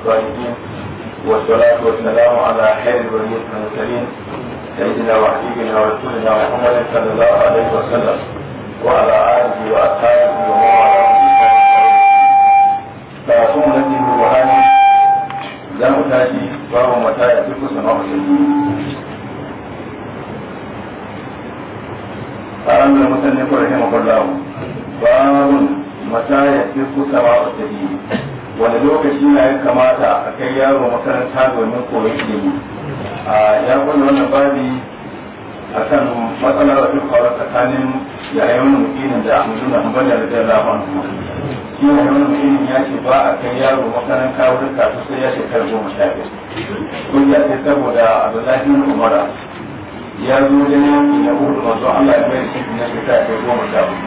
الصالحين والصلاة والسلام على خير الوليد المرسلين سيدنا وحبيبنا ورسولنا محمد صلى الله عليه وسلم وعلى آله وأصحابه ومن والاه فأقوم الذي هو هذه لا متاجي وهو متى يترك سماء قال المسلم رحمه الله باب متى يترك سماء السبيل wani lokaci na ya kamata a kai yaro makaranta domin koyon ilimi a ya gwada wannan babi a kan matsalar da faru tsakanin yayin mutumin da mutum da ambaliya da jan laban shi ne yayin mutinin ya ce ba a kai yaro makaranta wurin kasu sai ya shekara goma sha biyar kun ya ce saboda abdullahi bin umara ya zo ganin ya hudu masu allah ya bai shi na shekara goma sha biyar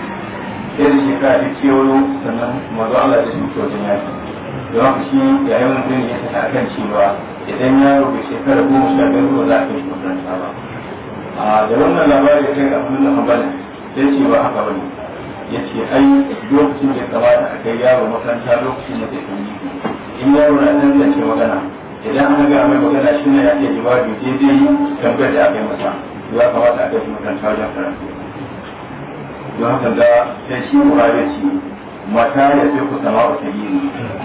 sai da shekara ta kewayo sannan mazu allah ya shi kyautin yaki don haka shi yayin mutum ya tafi a kan cewa idan ya rufe shekara goma sha biyar ba za a kai shi makaranta ba a da wannan labari kai abin da hambalin sai ce ba haka bane ya ce ai lokacin da kamata a kai yaro makaranta lokacin da zai kan in yaro na nan zai ce magana idan an ga mai magana shi ne ya ce jawabi daidai tambayar da aka yi masa ya kamata a kai shi makaranta wajen karatu don haka da sai shi buhari ya ce mata ya fi ku sama ku tabi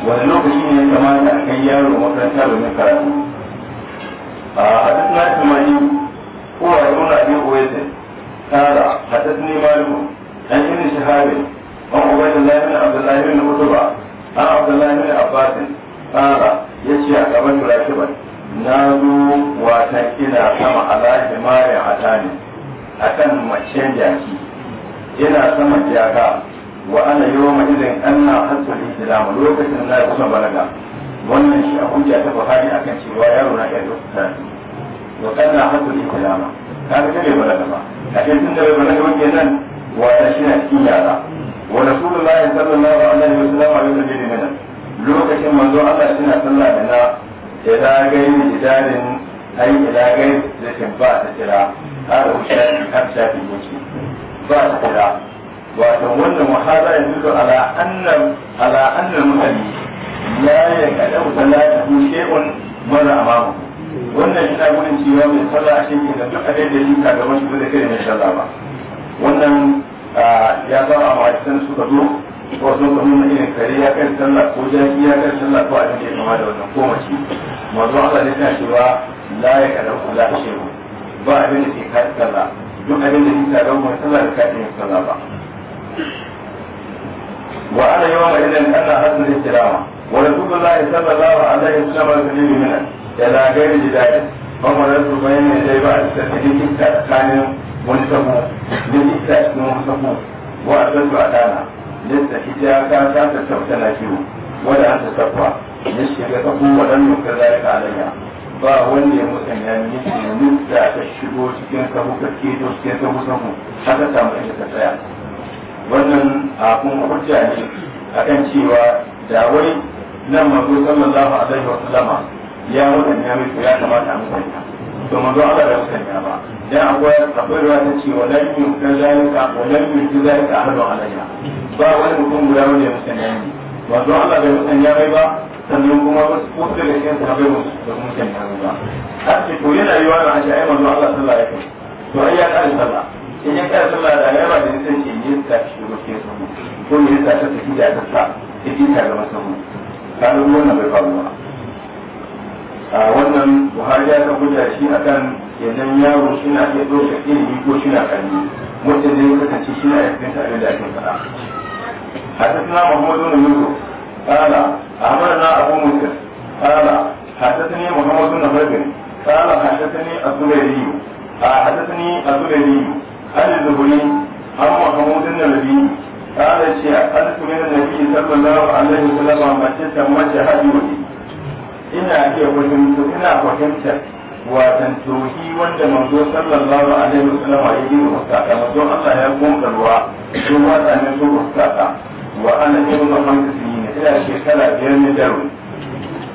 wani lokaci ne ya kamata a kai yaro makaranta domin karatu a hadisna tumani kowa ya nuna abin uwaisin tara hadisni malu an yi shahabin an ubaidullahi bin abdullahi bin kutuba an abdullahi bin abbasin tsara ya ce a gaban turakiban na zo wata ina sama ala himarin atani akan macen jaki ina sama jaka wa ana yawma idan anna hasul islam lokacin na kusa balaga wannan shi a hujja ta buhari akan cewa yaro na iya zuwa karatu wa kana hasul islam kaga ta bai balaga ba a cikin da balaga ba kenan wa shi na cikin yara wa rasulullahi sallallahu alaihi wasallam a yau da nan lokacin manzo ana shi na sallah da na ila gairi idanin ai ila gairi da ba ta ba ta wato wannan wahada ya zuwa ala annal ala annal mutane la ya kada salatu shay'un mara amamu wannan ina gudun cewa mai sallah shi ke da duk abin da yake ga wasu da kai mai sallah ba wannan ya ba a ma'aikatan suka zo ko zo ka nuna irin kare ya kai sallah ko jaki ya kai sallah ko a da ya kama da wannan ko mace manzo Allah ne yana cewa la ya kada kula shi ba abin da ke kai sallah duk abin da ke kai sallah da kai sallah ba وعلى يوم إذن أنا حسن الاستلامة ورسول الله صلى الله عليه وسلم يسلم منه إلى غير جدال فمررت بين يدي بعد التسليم كان منصفه للإكتاس منصفه وأدرت أدانا للتحجة كانت تستفتنا فيه ولا أن تتقوى للشركة ولم كذلك عليها ba wanda ya mutu ya yi tunanin da ta shigo cikin sahu ka keto cikin sahu sahu haka samu inda ta tsaya wannan a abun hujja ne akan cewa da wai nan manzo sallallahu alaihi wa sallama ya wadanda mai to ya kamata a musanya to manzo ala ya musanya ba dan akwai akwai ruwa ta cewa lan yin kazalika wa lan yin kazalika ahadu alayya ba wani mutum guda wani ya musanya ne manzo ala bai musanya bai ba sannan kuma wasu da cikin sahabbai ba su musanya ba har ce to yana yiwa na ashe ai manzo Allah sallallahu alaihi wa sallam to ai ya kare sallah in ya kare sallah da yawa da nisan ke yin tashi ko me yasa ta tafi da ta sa cikin ta zama ta kana wannan bai faru ba a wannan buhari ya ta guda shi akan yanzu yaro suna iya ɗauka ilimi ko suna kalli mutum zai kasance suna iya fahimta abin da ake faɗa حدثنا محمد بن يوسف قال أخبرنا أبو مسلم قال حدثني محمد بن حرب قال حدثني الزبيري حدثني الزبيري عن الزهري عن محمود النبي قال شيء ألف من النبي صلى الله عليه وسلم ما شئت ما شهدوني ina ke fahimta ina fahimta watan tohi wanda manzo sallallahu alaihi wasallam ya yi wa kaka manzo Allah ya gonga ruwa ko wata ne so wa kaka wa ana ibn hamd sinin ina shekara biyar ne da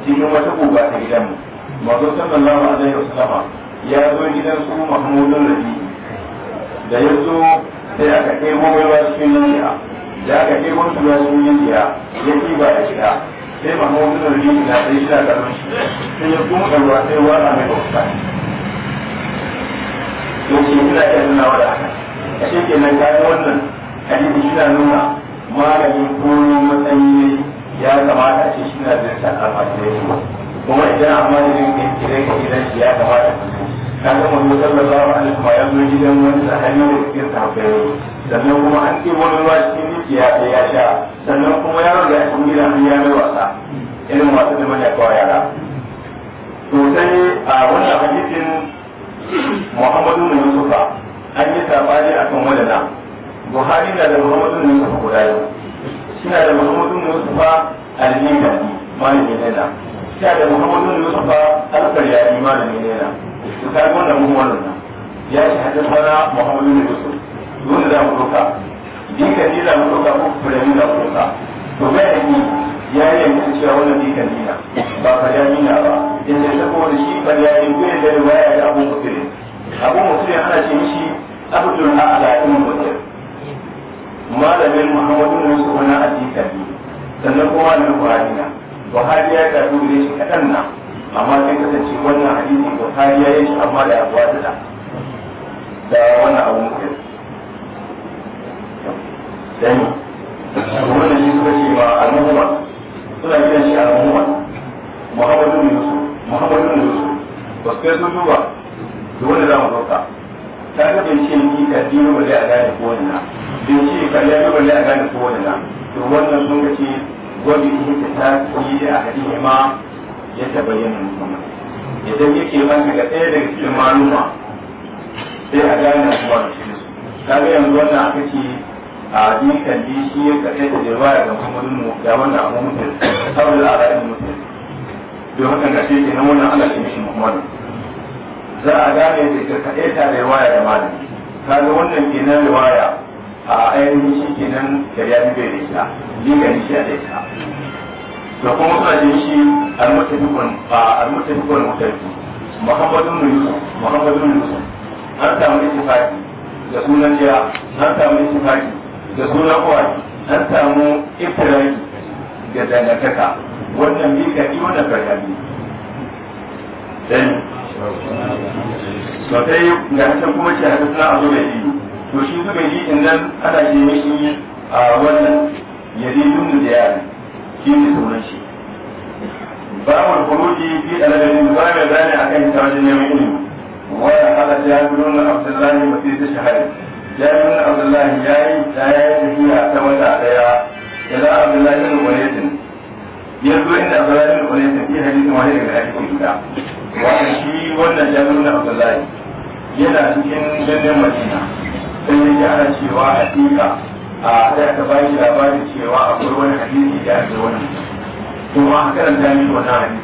cikin wata goba ta gidan mu manzo sallallahu ya zo gidan su da yanzu sai aka ɗebo mai wasu cikin shi'a da aka ke wani tura sun yin ya ya ci ba da shiga sai ba hawa mutum rini da sai shida karnar shi sai ya kuma karuwa sai wata mai bauta ya ce ina ya nuna wa da haka a shi ke nan kayan wannan hadisi shi na nuna malamin komi matsayi ne ya kamata ce shi na zai san almajirai su kuma idan a almajirin ne ke ka gidan shi ya kamata ka san wani sallallahu alaihi wa sallam ya zo gidan wani sahabi da tafiya ne sannan kuma an ce wani ruwa cikin dukiya ta ya sha sannan kuma yaron da ya kuma gida ya mai wasa irin wasu da manya kawai yara to sai a wannan hadisin Muhammadu bin Yusufa an yi sabani wani na Buhari na da Muhammadu bin Yusufa guda yau suna da Muhammadu bin Yusufa al-Nidani malamin nena suna da Muhammadu bin Yusufa al-Qaryani malamin nena to kai wannan mu wannan ya shahada sana Muhammadu bin Yusufa dole za mu ɗauka dikan ni za mu ɗauka ko fulani za mu ɗauka to bayani ya yi yanzu cewa wannan ni na ba ka ni na ba ta kowane shi fulani bai da ya riwaya da abu mutum abun mutum ana ce mishi abdul a'la ibn mutum malamin muhammadu ne su wani addika ne sannan kuma na buhari na buhari ya karbi da shi kaɗan na amma sai kasance wannan hadisi buhari ya yi shi amma da abuwa da da wannan abun mutum dani da suka ce ma suna shi ba su kai sun da wani ta ga ni ka a gane ko wani na ka ya a gane ko wani na to wannan sun ce ne ta ta yi a hadisi ma ya tabayyana muhammad idan yake ban daga ɗaya daga cikin maluma sai a gane kuma da shi yanzu wannan aka ce a dukkan ji shi ya kaɗai da jirwa ya ga musulmin mu ya wanda abu mutum saboda da ala'in mutum don haka na ce kenan wannan ana ce mishi muhammadu za a gane da ka kaɗai ta da riwaya da malami kaga wannan kenan riwaya a ainihin shi kenan da ya bai da ita ligan shi a da ita da kuma suna jin shi almutafikun a almutafikun mutafi muhammadun yusuf muhammadun yusuf an samu ittifaqi da sunan jiya an samu ittifaqi da suna kuwa an samu iftirai da dangantaka wannan bi ka yi wannan farkabi dan to sai ga hasan kuma ce haka suna a zobe yi to shi zuba yi in nan ana ce mishi a wannan yadidun da yare shi ne sunan shi Ba babu kuruji fi aladin ba mai zane akan tawajin neman ilimi wa ya halatta ya gudunar abdullahi wasu ta shahari jami'in abdullahi ya yi ya yi tafiya ta wata daya ila abdullahi bin walidin ya zo inda abdullahi bin walidin fi hadisin wani daga hadisi guda wanda shi wannan jami'in abdullahi yana cikin birnin madina sai ya ji ana cewa hakika a sai aka ba shi labarin cewa akwai wani hadisi da ya zo wani kuma aka wannan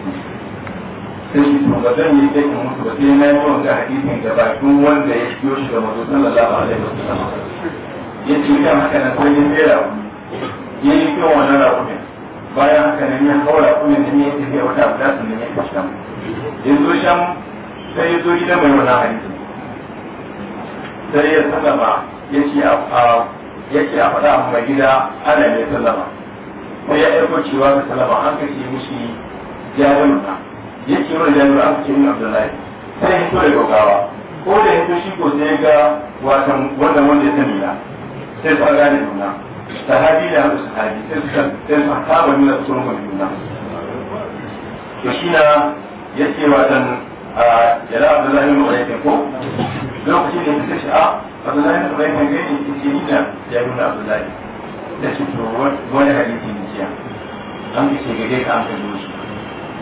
sai shi to ba yi aikin mutu ba sai na yi wa ga hadisin da bakin wanda ya biyo shi ga mazo sallallahu alaihi wasallam ya ce kan haka na sai ya tsera ya yi kyau wannan rakumin bayan haka nan ya kawo rakumin da ne ya tafiya wata abu dasu ne ya tafi sham ya zo sham sai ya zo mai wannan hadisin sai ya sallama ya ce a faɗa a mai gida ana ne sallama sai ya aiko cewa ka sallama an kashe mishi jarin ya ce wani jami'ar an ce min abdullahi sai hito da gaugawa ko da ya shi ko sai ga watan wannan wanda ya sani na sai su gane juna sahabi da hadu sahabi sai su sai su saba nuna su rumfa juna to shi na ya ce watan jala abdullahi mu ayyukan ko lokacin da ya ce a abdullahi mu ayyukan gani ya ce ni na ya nuna abdullahi da shi to wani hadisi ne kiya an ce gare ka amsa kalli shi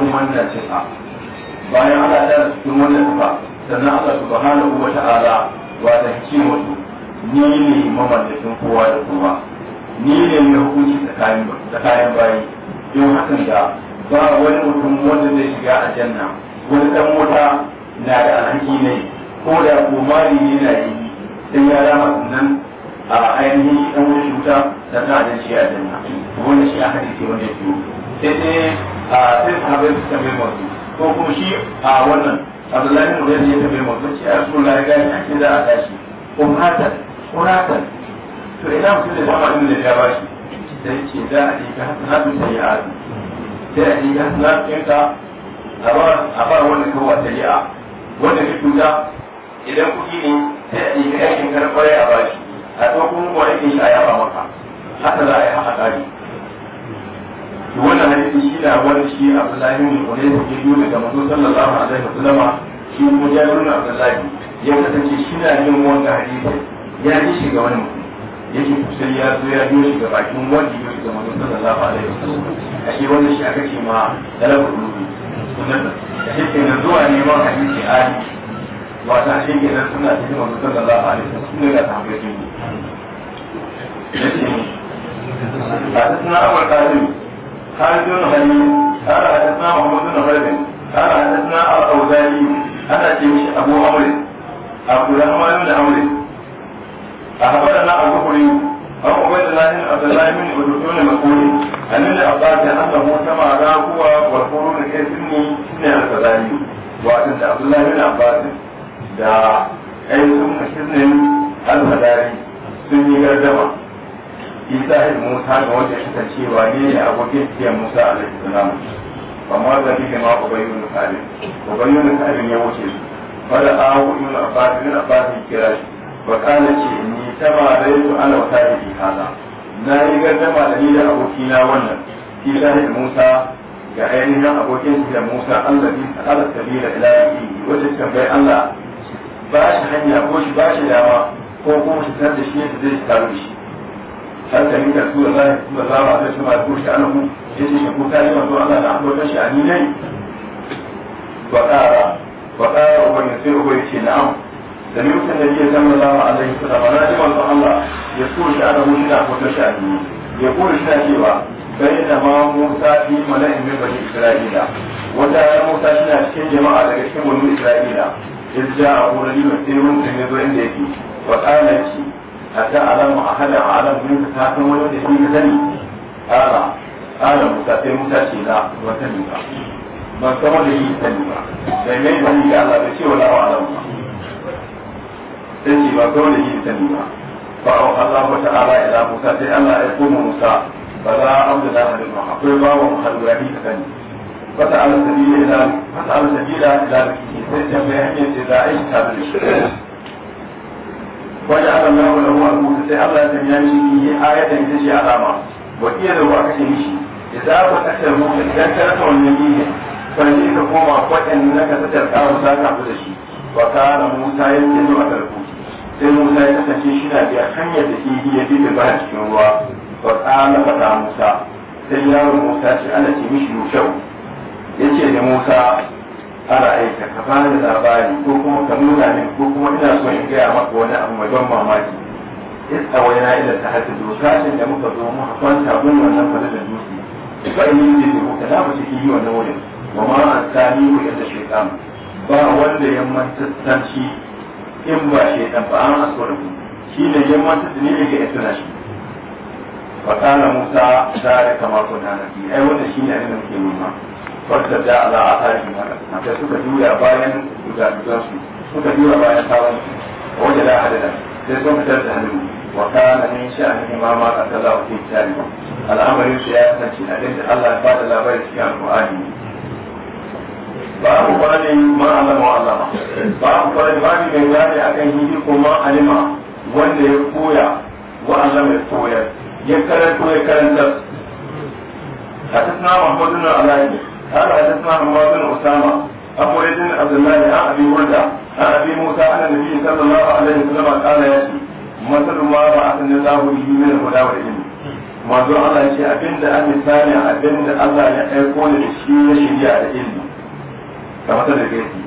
cikin wannan sifa bayan Allah ta cikin wannan sifa sannan Allah subhanahu wa ta'ala wa ta hikimatu ni ne mamallakin kowa da kowa ni ne mai hukunci tsakanin tsakanin bayi don hakan da ba wani mutum wanda zai shiga a janna wani dan mota na da alhaki ne ko da komari ne na yi sai ya rama sannan a ainihin dan wuce cuta da ta da shi a janna wanda shi aka ce wanda ya biyo sai dai a sai sahabai su tambayi masu ko kuma shi a wannan abdullahi mu zai ya tambayi masu ce a su la ya gani ake za a tashi ko umm hatan ko umm hatan to ina mutum da dama inda ya ba shi da yake za a ɗiga hasanatu ta yi azu sai a ɗiga hasanatu ɗinka a ba wani kawo ta yi a wanda ka cuta idan kuɗi ne sai a ɗiga yakin karɓar ya ba shi a ɗaukun wani ke shi a yaba maka haka za a yi haka tsari to wannan hadisi shi da wani shi Abdullahi ibn Ulayy ya yi daga Manzo sallallahu alaihi wasallam shi ko Jabir ibn Abdullahi ya kasance shi na yin wannan hadisi ya ji shi ga wani yake sai ya zo ya biyo shi ga bakin wanda ya shi ga Manzo sallallahu alaihi wasallam a shi wannan shi aka ce ma talabul rubi sunan da shi ne zuwa neman hadisi ali wata shi nan suna cikin Manzo sallallahu alaihi wasallam ne da ba ne suna abar القاسم خالد بن هني قال حدثنا محمود بن خالد قال حدثنا الأوزاعي أنا جيش أبو عمرو عبد الرحمن بن عمرو أخبرنا الزهري أو عبيد الله بن عبد الله بن أردون مقولي أن ابن عباس أنه سمع له هو والقرون كيف بن الخزاعي وأن عبد الله بن عباس da ayyukan kashin ne al-hadari sun yi gardama isa musa ga wanda suka cewa ne ne abokin tiyar musa alaihi salamu amma da ne ma ubayyun kalin ubayyun kalin ya wuce su fara awo ibn abbas ibn abbas ya kira shi wa kana ce ni tama raitu ana wa tarihi kaza na yi gardama da ni da abokina wannan isa musa ga ainihin abokin da Musa Allah bi ta'ala sabila ila yi wacce tambayi Allah ba shi hanya ko shi ba shi dama ko kuma shi tar da shi yadda zai taru shi hatta min da tura zai tura zawa da shi ba ko shi an mu yace shi ko kai manzo Allah da abu da shi ani ne wa qara wa qara wa yasir wa yace na'am da ne mutum da yake sallallahu alaihi wasallam na ji manzo Allah ya ko shi an mu da ko shi a ani ya ko shi na cewa bai da ma Musa fi mala'in min bani Isra'ila wanda ya Musa shi cikin jama'a daga cikin bani Isra'ila إذ جاء أولي مسير من يزوين ديكي وقال لك a ta alamu a hada alam min ka ta da shi sani kara kara musa sai musa ce na ba sani ba ban san wanda shi sani ba bai mai sani ga Allah bai ce wala wa alamu ba sai ce ba san sani ba ba wa Allah wa ta'ala musa sai Allah ya koma musa ba da hadin ba sani سبيل إلى سبيل إلى بكيه wanda aka nuna wani ruwan kuka sai Allah ya sanya shi yi ayatan ita ce alama wa iya da aka ce mishi idza ku takar mu idan ka rasa wannan yihin fa ne ka koma kwaɗin na ka tattar kawo za ka da shi wa kana Musa ya ce zuwa tarku sai Musa ya kasance shi na biya hanyar da ke yi da ba ruwa wa Musa sai Musa ce ana ce mishi Yushau yace da Musa ana aika ka bani labari ko kuma ka nuna min ko kuma ina so in gaya maka wani abu wajen mamaki isa wani na ila ta hajji lokacin da muka zo muka ta mun wannan fara da dutse fa in yi da muka na mu ciki yi wannan wurin wa ma an sami mu yadda shaitan ba wanda ya mantattan shi in ba shaitan ba an aswara mu shi ne ya mantattan ne ga yadda shi fa kana musa da kama kuna nabi ai wannan shi ne abin da muke nema wata da ala a tari da suka juya bayan guda su suka juya bayan sabon a wajen da hadada sai sun fitar da hannu wa kana min sha'ani imama a sallahu fi tari al'amarin su ya kasance na da Allah ba da labarin cikin alƙur'ani babu bani ma alama wa alama babu bani bani mai gane akan hiji ko ma alima wanda ya koya wa alama ya koyar ya karanto ya karanta حدثنا محمد بن علاء قال حدثنا عمار بن اسامه ابو عيد بن عبد الله عن ابي ورده عن ابي موسى عن النبي صلى الله عليه وسلم قال ياتي مثل ما بعثني الله به من الهدى والعلم manzo Allah ce abinda an misali abinda Allah ya aiko da shi na shirya da ilmi kamar da gaiti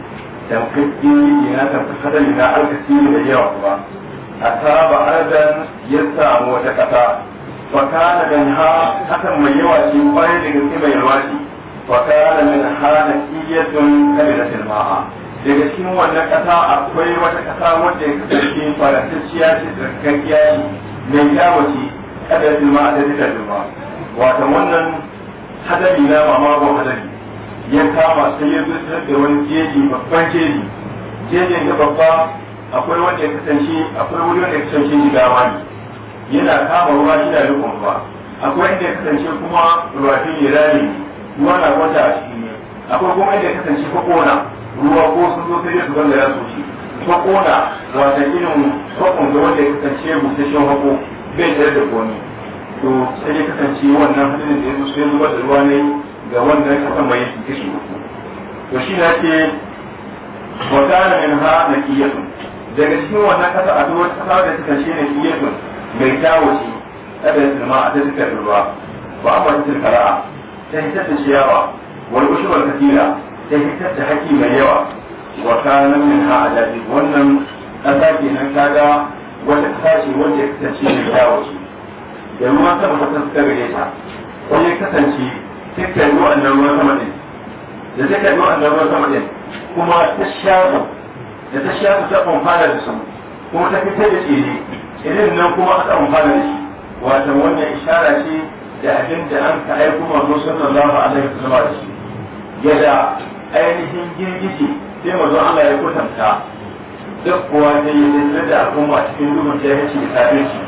tamkaki yana tamkata na alkasiri da yawa a saba ardan ya samu wata kasa fakana da ha hakan mai yawa ce kwarai mai فكان من حانكية كبيرة الماء daga cikin wannan ƙasa akwai wata ƙasa wadda ya kasance farantaciya ce tsarkakkiya ce mai yawaci kadar ilma da zikar ilma wata wannan hadari na mamagon hadari ya kama sai ya zuci da wani jeji babban jeji jejin da babba akwai wanda ya kasance akwai wuri wanda ya kasance shi jigawa ne yana kama ruwa shi da rikon ba akwai wanda ya kasance kuma ruwa ne rami ne ruwa na wata a ciki ne akwai kuma inda kasance ko kona ruwa ko sun zo sai su gangara su ci ko kona wata irin kwakwan da wanda ya kasance busasshen hako bai tare da komi to sai ya kasance wannan hadarin da ya zo sai zubar da ruwa ne ga wanda wannan kasan mai kishi to shi na ce wata na min ha na kiyatun daga cikin wannan kasa a duk wata kasa da kasance na kiyatun mai kyawo ce kada ya sinima a ta zikar ruwa ba a wata zikara'a ta hitar ciyawa wani ushubar katila ta hitar da haki mai yawa wa kanan min ha ajabi wannan ƙasa ke nan kaga wata ƙasa ce wanda ya kasance mai kyawo ce da ruwan sama ta suka gare ta ko ya kasance sai ka yi wa'annan ruwan sama ɗin da sai ka yi wa'annan ruwan sama ɗin kuma ta shafu da ta shafu ta amfana da su kuma ta fitar da tsere irin nan kuma aka amfana da shi wata wannan ishara ce da abin da an ka aiko manzo sallallahu alaihi wasallam da shi yadda ainihin girgije sai manzo Allah ya kwatanta duk kuwa da yi zai da al'umma cikin duhun da ya ce da safe shi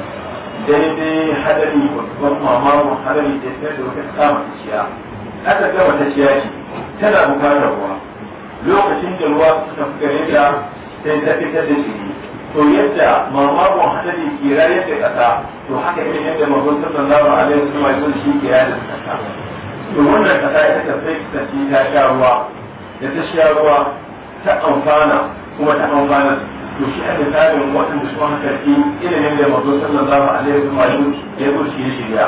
daidai hadari babban mamamun hadari da ya da wata kama ta ciya aka gama ta ciya ce tana bukatar ruwa lokacin da ruwa suka fi gare ta sai ta fitar da shi to yadda mamakon hadari ke rayar da kasa to haka ne yadda mamakon sallallahu alaihi wasallam ya shi ke rayar da kasa to wannan kasa ita ta sai ta ci ta sha ruwa da ta sha ruwa ta amfana kuma ta amfana to shi a misalin waɗanda su haka ki ilimin da mamakon sallallahu alaihi wasallam ya kunshi ya shirya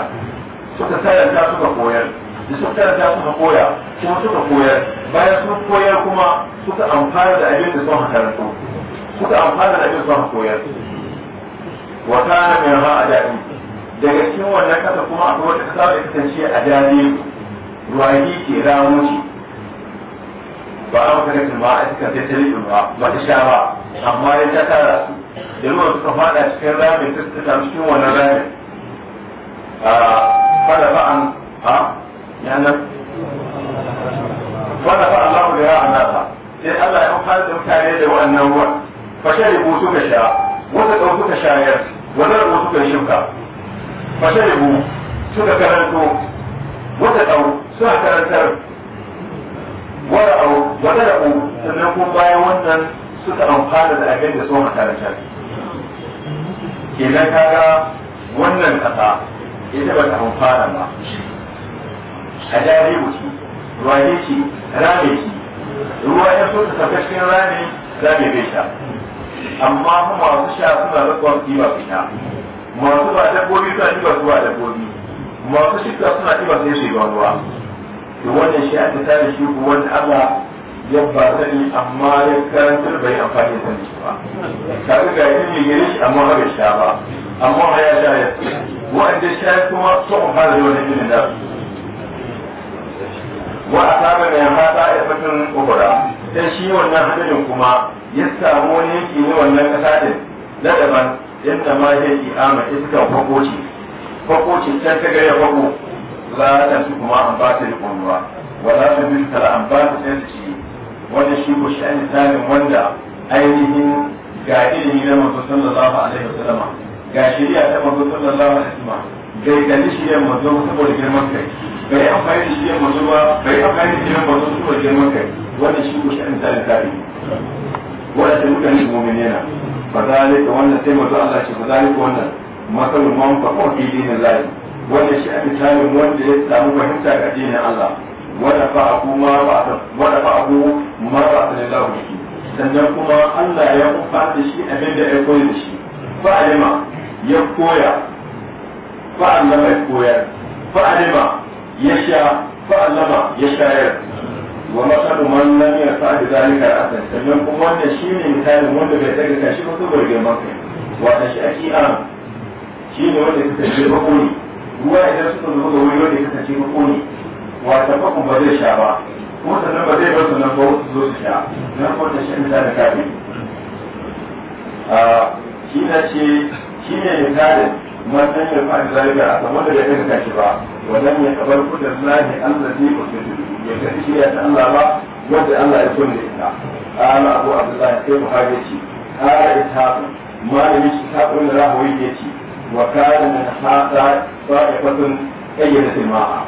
suka ta suka koyar da suka ta suka koya kuma suka koyar bayan sun koyar kuma suka amfana da abin da sun karanto suka amfana da abin sun koyar wa kana min ra'a da'in daga cikin wannan kasa kuma akwai wata kasa da kasance a dade ruwayi ke rawo ce ba a maka rikin ba a cikin sai talibin ba ba ta sha ba amma ya ta tara su da ruwan suka fada cikin ramin ta suka samu cikin wannan ramin a fada ba an a yanar fada ba Allah da yawa annasa sai Allah ya amfana da mutane da wannan ruwan fasharibu suka sha wata ɗau suka shayar wata ɗau suka shimka fasharibu suka karanto wata ɗau suna karantar wata ɗau wata ɗau sannan kuma bayan wannan suka amfana da abin da sun makarantar kenan kaga wannan ƙasa ita ba ta amfana ba a jaribu ce ruwa ce rame ce ruwa ya so ta tafi cikin rame rame bai sha amma mu masu sha suna da kwan kiba su sha masu ba dabbobi suna kiba su ba dabbobi masu shika suna kiba sai su yi ba ruwa to wannan shi aka tare shi ku wani Allah ya ba ni amma ya karantar bai amfani da sani ba kaga ga yin mai gare shi amma ba sha ba amma ya sha ya wa'anda sha kuma sun fara da wani irin da su wa asaba min hada ifatun ukhra sai shi wannan hadarin kuma ya samu wani yanki ne wannan kasa din na daban yadda ma ya yi ama iska fakoci fakoci ta ta gare fako la ta su kuma an ba ta da wa wala ta bi ta an ba ta sai ci wani shi ko shi an tsamin wanda ainihin ga ilimi na manzo sallallahu alaihi wasallam ga shari'a ta manzo sallallahu alaihi wasallam bai gani shi ne manzo saboda girman kai bai yi amfani da shiyar masu ba bai yi amfani da shiyar masu su wajen maka wannan shi ko shi'an tare tare wanda sai mutane su mumin yana ba za a lika wannan sai mazu Allah ce ba za a lika wannan masalin man ba kuma fili na zai wanda shi a misalin wanda ya samu fahimta ga addinin Allah wanda fa abu ma ba ta wanda fa abu ma ba ta lillahi biki sannan kuma Allah ya kufa da shi abin da ya koyi da shi fa alima ya koya fa Allah ya koya fa alima يشاء فألم يشاء ومثل من لم يفعل ذلك أبدا sannan kuma wannan shi ne misalin wanda bai daga kashi ba saboda girman kai wata shi a shi'a shi ne wanda ya kasance bako ne ruwa idan suka zuba ga wuri wanda ya kasance bako ne wata bakon ba zai sha ba kuma sannan ba zai bar sannan ba wasu zo su sha nan kuma ta shi misalin kafin ah, shi na ce shi ne misalin ما تنشر عن ذلك أتمنى لأنك كاشفا ولم يقبل كل الله الذي أسجد يكتشي يتألى الله ودي الله يكون لإلا قال أبو عبد الله كيف حاجتي قال إسحاق ما لم يشتاق إلا هويتي وكان من هذا طائفة أيدت الماء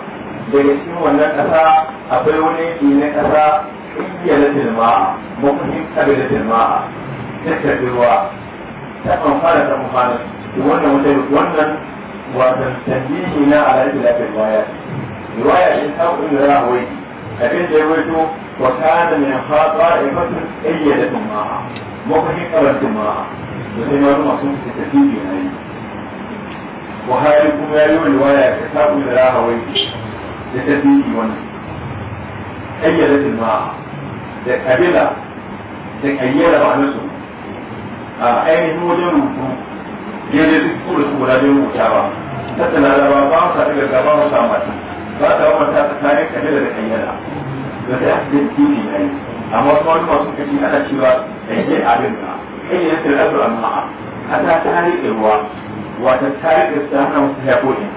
daga cikin wannan kasa akwai wani yanki na kasa ƙiyyalatin ma'a mafi ƙabilatin ma'a ta ruwa ta kamfana ta kamfana يقولنا متابقونا ونستنديه هنا على إذن في الرواية الرواية الإنسان وإن لا هو إيدي لكن جاويته وكان من خاطر إفتر أي لكم معها مقرح قبلت معها وزي ما رمى صنع تتفيد هنا إيدي وهذا يكون يلو الرواية الإنسان وإن لا هو إيدي لتتفيد هنا أي لكم معها تقبلها تكيّل بعنسه آه، أين هو جنوبه daidai duk kuma su guda bai rubutawa tattalin larabawa ba mu sa daga gaba mu sa mata ba ta wa mata ta kayan kabila da kayyana da ta yi titi ne amma kuma wani masu kaci ana cewa da ke abin ka kayyana ta rabu a ma'a a ta tarihi ruwa wata tarihi ta hana musu haifo ne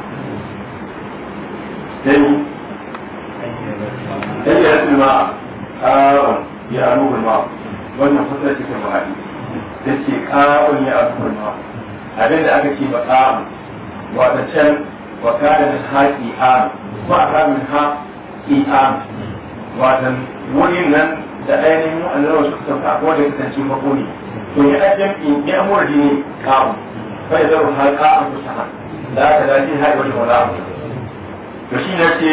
dai kayyana ta ma'a ƙarar ya nuhu ma'a wannan fasar cikin ma'adi da ke ƙarar ya nuhu ma'a da aka ce ba baqa'u wa da can wa kana min haqi am wa kana min haqi am wa dan wurin nan da ainihin mu'allawa su kusa a kowace kasance makoni to ya ajiyar in ya murdi ne ka'u bai zaro har ka'an kusa ha da aka dace har wani wala to shi na ce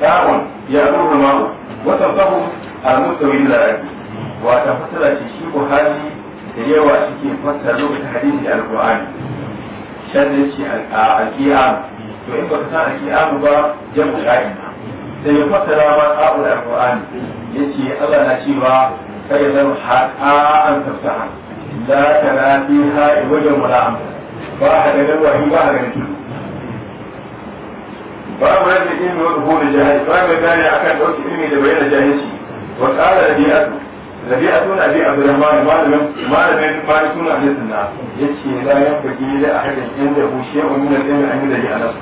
ka'un ya zaro ma'u wata fahu al-mustawi da rafi wata fasala ce shi ko hali da yawa suke fassara lokacin hadisi alqur'ani sharri shi alqiyam to in ba ka san alqiyam ba jamu qa'im sai ya fassara ma qa'ul alqur'ani yace Allah na cewa kai zan haqa'an tafsaha la tara fiha wajen wala amsa ba a ganin wahi ba a ganin tudu ba mu rage ilmi wa duhul jahil ba mu gane akan dauki ilmi da bayyana jahilci wa qala rabi'atu bi rabi'atun abi abdurrahman malamin malamin malikun ahli sunna yace la yanbaghi li ahadin inda hu shay'un min al-ilm an yudhi ala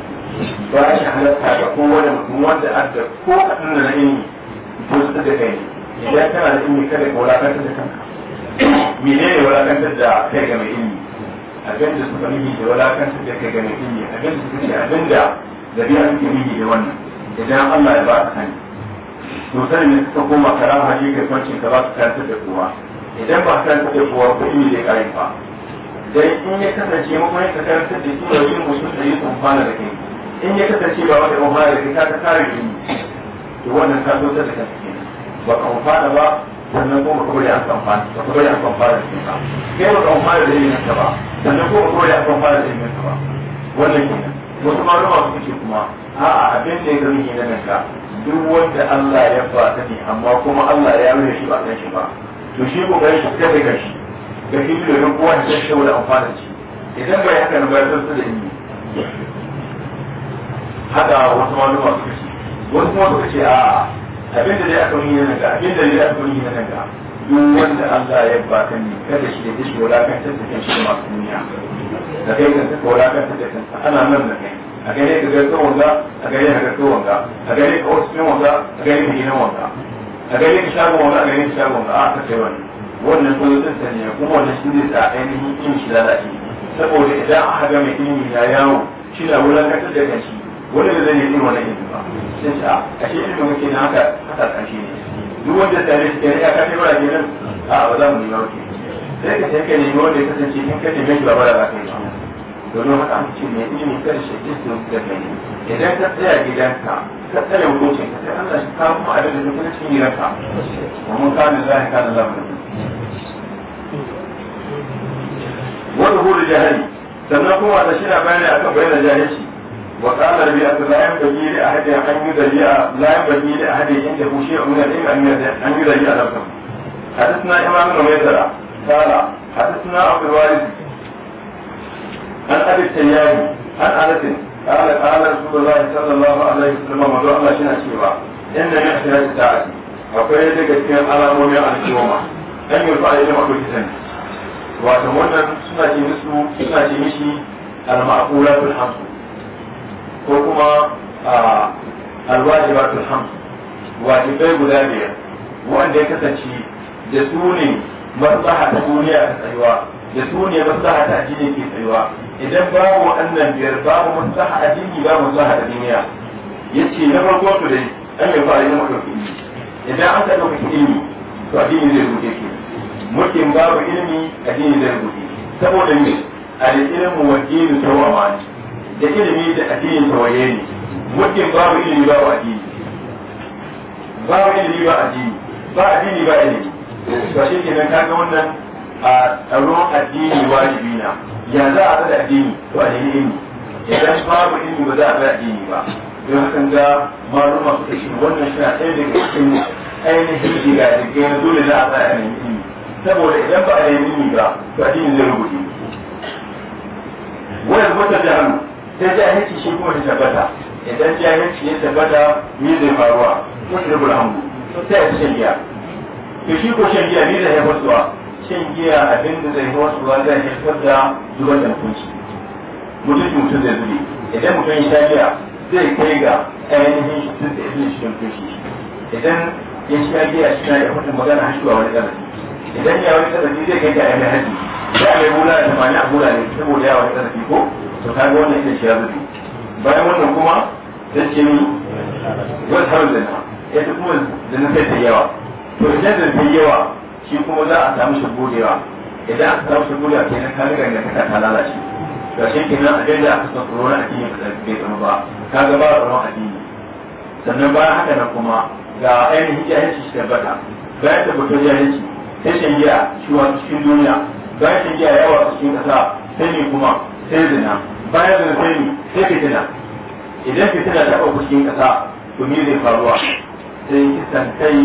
ba shi halatta ga kowane mutum wanda da ko na da ilmi ko su da kai idan tana da ilmi kada ka wulakantar da kanka menene wulakantar da kai ga mai ilmi abinda suka nuhi da wulakantar da kai ga mai ilmi abinda suka ce abinda rabi'a suke nuhi da wannan idan Allah ya ba ka sani cutar ne suka koma kara hali ga kwancin ka ba su karanta da kuma idan ba karanta da kuma ko imi zai kare ba dan in ya kasance makon ka karanta da su yayin musu da yi kumfana da kai in ya kasance ba wata mai da ka ta kare ni to wannan ka zo ta da kanka ba ka kumfana ba sannan kuma kore an kamfana ba kore an kamfana da kanka kai ba ka kumfana da yin ka ba sannan kuma kore an kamfana da yin ka ba wannan kenan wasu ma ruwa suke kuma a'a abin da ya zama ne na ka. duk wanda Allah ya ba ne amma kuma Allah ya rufe shi ba kan shi ba to shi ko kai shi kai kai shi da shi da ran kowa da shi da amfana shi idan bai haka ne ba zai su da ni haka wasu wani suka ce wasu kuma suka ce a abin da dai aka yi nan ga abin da dai aka yi nan ga duk wanda Allah ya ba ta ne kada shi da shi wala kan ta da shi masu duniya da kai kan ta wala kan ta ana nan da kai a gane ka garkan wanga a gane ka garkan wanga a gane ka wasu cikin wanga a gane ka gina wanga a gane ka shagon wanga a gane ka shagon wanga a ah, ka ce wani wannan kuma zai ya kuma wannan shi zai sa ainihin ilimi shi lalace saboda idan aka ga mai ilimi ya yawo shi wurin kasar da kanshi wani da zai yi wannan ilimi ba sai sa a shi ilimin kake na haka haka shi ne duk wanda ta yi shi kai ya kafe ba kenan a ba za mu nima wuce sai ka sai ka nemi wanda ya kasance in ka nemi shi ba ba da ba ka yi domin haka an ce mai ilimi karshe jisun da gani idan ka tsaya gidanka ka tsaya wucin ka sai Allah shi kawo mu abin da cikin na cikin gidanka domin ka da zai ka da wani hulu jahari sannan kuma da shi na bayani akan bayyana jahilci wa qala rabbi la yanbaghi li ahadin an yudalli la yanbaghi li ahadin inda hu shay'un min al-ilmi an yudalli ala rabbi حدثنا إمام بن ميسرة قال حدثنا عبد الوارث an ta yawo an alatin قال قال رسول الله صلى الله عليه Allah shi na الله شنا شيبا ya من ta التعاتي akwai daga cikin alamomin alkiwama dan yi fa'a idan akwai kitan wato wannan suna ce musu suna ce mishi al-ma'qulatul hamd ko kuma al-wajibatul hamd wajibai guda biyar wanda ya kasance da su ne tsaha ta duniya ta tsayuwa da su ne tsaha ta addini ke tsayuwa idan babu waɗannan biyar babu maslaha a jiki babu maslaha a duniya yace na farko to dai an yi fara yin mutum ilimi idan an ka ɗauka ilimi to addini zai rubuce ki mutum babu ilimi addini zai rubuce saboda me al ilmu wa dinu tawamani da ilimi da addini tawaye ne mutum babu ilimi babu addini babu ilimi ba addini ba addini ba ilimi to shi kenan kaga wannan a tsaron addini wajibi na ya za a bada addini to a nemi ilimi idan babu ilimi ba za a bada addini ba don hakan ga maluma su kashi wannan shi na ɗaya daga cikin ainihin shiga da gani dole za a bada nemi ilimi saboda idan ba a nemi ilimi ba to addini zai rubuce wani wata jahalu sai jahilci shi kuma ta tabbata idan jahilci ya tabbata me zai faruwa wani rubul hamdu sai ya shan giya to shi ko shan giya ne zai haifar suwa shan giya abin da zai wasu ruwa zai haifar da zubar da mutunci mutunci mutum zai zube idan mutum ya sha giya zai kai ga ainihin shi da izinin shi don mutunci idan ya sha giya shi na yafi magana har shi wani tsarki idan ya wani tsarki zai kai ga ainihin haji ya mai bula da tamani a bula ne saboda ya wani tsarki ko to ta ga wannan idan shi ya zube bayan wannan kuma zai ce ni wata harzina ya fi da na sai ta yawa to idan zai yawa shi kuma za a samu shi budewa idan aka samu shi budewa kenan ka riga da kasa ta lalace da shi kenan a gaida aka san a cikin kasar bai zama ba ka ga ba ruwan addini sannan bayan haka nan kuma ga ainihin jahilci shi tabbata bayan tabbatar jahilci rashin giya ciwon cikin duniya bayan rashin giya yawa cikin ƙasa sai ne kuma sai zina bayan zina sai ne sai fitina idan fitina ta ɗauka cikin ƙasa to me zai faruwa sai kisan kai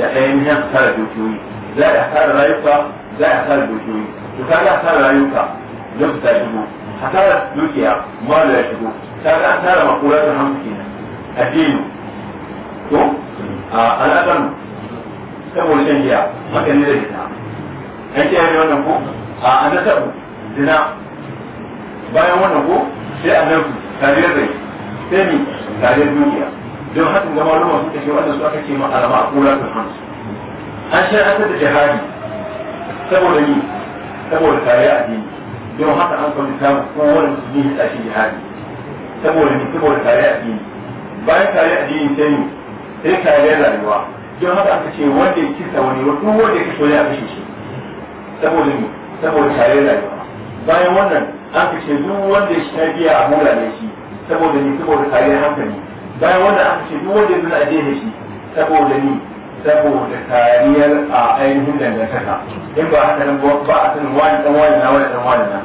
da ainihin hasara dukiyoyi za a hasara rayuka za a hasara dukiyoyi to kaga hasara rayuka don ta shigo hasara dukiya malu ya shigo kaga an tara makura ta hamsin addini to a alaƙar saboda shan giya makani da gida an ce yare wannan ko a anasabu zina bayan wannan ko sai a nan kariyar rai sai ni kariyar dukiya don hakan gama ruwa suka ce wanda su aka ce ma alama a kura ta hamsin an aka da jihadi saboda ni saboda tare a addini don haka an kwanci samun kowane musulmi ya tashi jihadi saboda ni saboda tare a addini bayan tare addini sai yi sai tare rayuwa don haka aka ce wanda ya kisa wani duk wanda ya kisa wani a kashe shi saboda ni saboda tare rayuwa bayan wannan an kashe duk wanda ya shi biya a mura da shi saboda ni saboda tare hankali bayan wannan an kashe duk wanda ya zuna a jihar shi saboda ni saboda kariyar a ainihin dangantaka in ba haka nan ba a sanin wani dan wani na wani dan wani na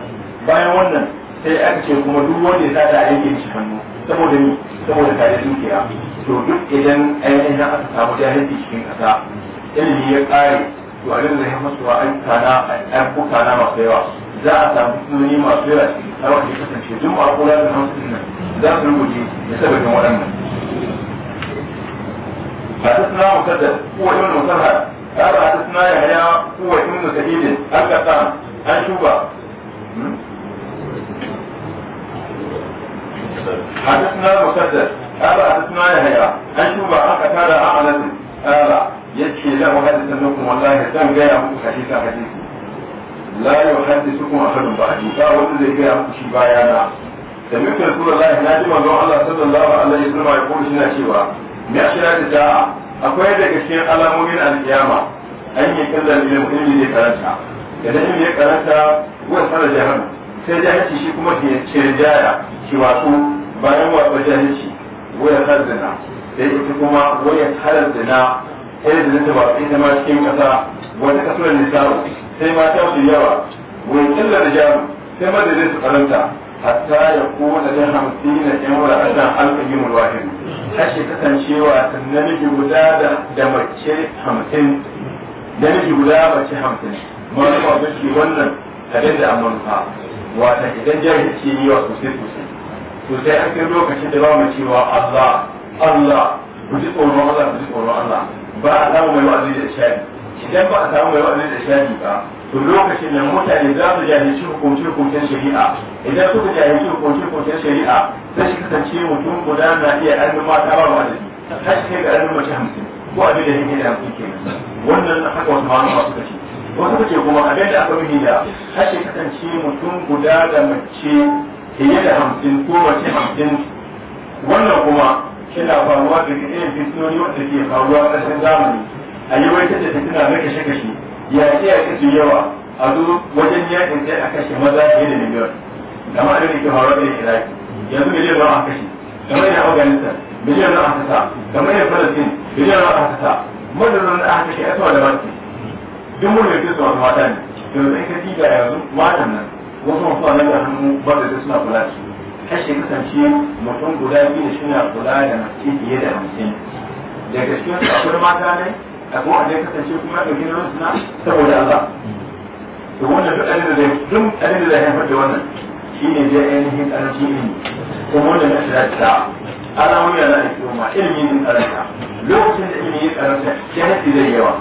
bayan wannan sai aka ce kuma duk wanda ya sada yake ci hannu saboda ni saboda kariyar dukiya to duk idan ainihin na aka samu jahilci cikin kasa ilimi ya kare to a nan zai masu wa ayyuka na ayyuka na masu yawa za a samu tunani masu yawa cikin tsawon da kasance jin ma'akula da hamsin nan za su rubuce da sababin waɗannan حدثنا مسدد هو ابن مسرهد قال حدثنا يحيى هو ابن سعيد القطان عن شوبه حدثنا مسدد قال حدثنا يحيى عن شوبه عن قتاده عن انس قال يكفي له حدث لكم والله كان جاي muku حديثا حديثي لا يحدثكم احد بعدي فاول زي جاي muku shi bayana da mutum rasulullahi na ji manzon Allah sallallahu alaihi wasallam ya kuma shi na cewa na shirar da akwai daga cikin alamomin alkiyama an yi kallon ilimin ilimi da karanta idan ilimi ya karanta wani sanar jahannam sai jahilci shi kuma ke cirjaya ki wato bayan wato jahilci waya har zina sai ita kuma waya halar zina sai da zina ba ita ma cikin kasa wata kasuwar nisaru sai mata su yawa wai kallon jaru sai zai su karanta hatta ya kona da hamsin na yan wa'adan alƙayyum alwahid kashi kasancewa tun namiji guda da mace hamsin namiji guda mace hamsin manufa ba shi wannan tare da manufa wata idan jami'a ce yi wa sosai sosai sosai an lokacin da ba mu cewa Allah Allah ku ji tsoron Allah ku ji Allah ba a samu mai da idan ba a samu mai da shari ba to lokacin da mutane za su jahilci hukunci hukuncin shari'a idan suka jahilci hukunci hukuncin shari'a sai shi kasance mutum guda na iya ɗan mata ba ba da ta shi kai ga ɗan mace hamsin ko abin da yake da hamsin kenan wannan haka wasu malama masu kashi wasu suka kuma abin da aka rubi da ta shi kasance mutum guda da mace fiye da hamsin ko mace hamsin wannan kuma kina faruwa daga irin fitinoni wanda ke faruwa a ƙarshen zamani a yi wai ta tana mai kashe-kashe yaƙi yaƙi su yawa a zo wajen ya sai a kashe maza fiye da miliyan gama abin da ke faruwa da iraki yanzu miliyan nawa a kashe kamar yana afghanistan miliyan nawa aka sa kamar yana palestine miliyan nawa a kasa madadin da aka kashe asuwa da mati duk mun yanzu su wasu mata ne da zai kashi ga yanzu matan nan wasu masu wani da hannu ba da suna kula da su kashe kasance mutum guda biyu da suna kula da masu fiye da hamsin daga cikin akwai mata ne abu a ya kasance kuma ya ɗauki nauyin suna saboda Allah to duk abin da zai duk abin da zai haifar da wannan shine dai ainihin ƙarancin ilimi kuma na shirar da alamomi na ilimin yin ƙaranta lokacin da ilimi yin ƙaranta ya haske zai yawa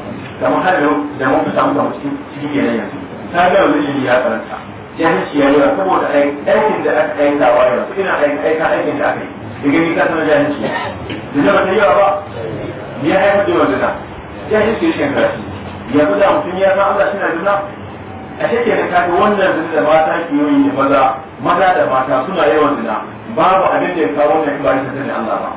kamar har yau da mun fi samu kamar cikin cikin yanzu ta ga yanzu ilimi ya ƙaranta ya haske ya yawa saboda aikin da aka aikatawa yawa su ina aika aikin da aka yi da gani ka sanar da hanci da zama ta yawa ba ya haifar da yawa ya yi su yi shan yanzu da mutum ya san Allah suna juna a shekke ne kaga wannan zina da mata ke yi da maza maza da mata suna yawan zina babu abin da ya kawo wannan ba ya sanin Allah ba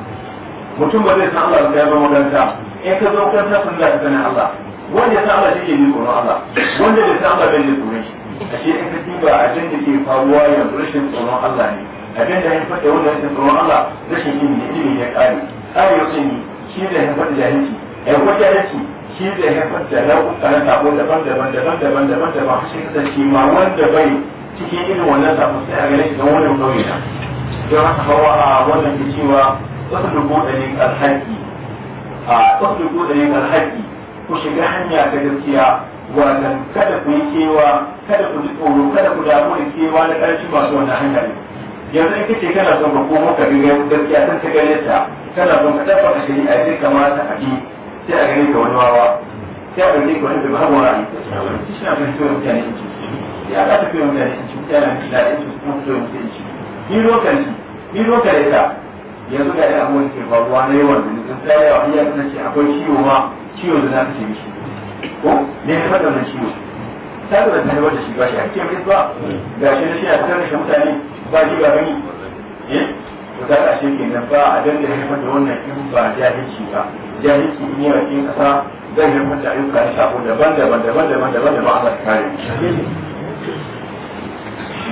mutum ba zai san Allah ba ya zama makaranta in ka zo makaranta sun da sanin Allah wanda ya san Allah shi ke yi tsoron Allah wanda bai san Allah bai yi tsoron shi a shi in ka tiba abin da ke faruwa yanzu rashin tsoron Allah ne abin da ya faɗa wannan rashin tsoron Allah rashin ilimi ilimi ya kare. ƙare yau shi ne shi da ya faɗa jahilci ya kwatarci shi zai haifar da nau'uka na sabo daban daban daban daban daban daban har shi kasance ma wanda bai cikin irin wannan sabo sai a gare shi don wannan nauyi na don haka hawa a wannan ke cewa wasu dubu ɗari alhaƙi a wasu dubu ne alhaƙi ku shiga hanya ta gaskiya wannan kada ku yi cewa kada ku ji tsoro kada ku damu da cewa na ƙarshen masu wannan hanya ne yanzu in kace kana son ka komo ka bi gaskiya sun ta gare ta kana son ka tabbata shari'a zai kamata a bi sai a gani ka wani wawa sai a ɗauke ka wani bai babu wani shi na fahimtar mutane in ya ka tafi fiye mutane in ci mutane na da in su kuma yin mutane in ni lokaci ni lokaci ka yanzu ga ɗan abubuwan ke faruwa na yawan da nisan sai yawa iya kana ce akwai ciwo ma ciwo da za ka ce mishi ko ne ya faɗa wannan ciwo ta da ta wata shi ba shi hakki mai ba ga shi da shi a fitar da shi mutane ba shi ba gani eh to ka ashe kenan ba a danda ya faɗa wannan in ba jahilci ba jahilci in yawa cikin kasa zai haifar da ayyuka na sabo daban daban daban daban daban da ba a kare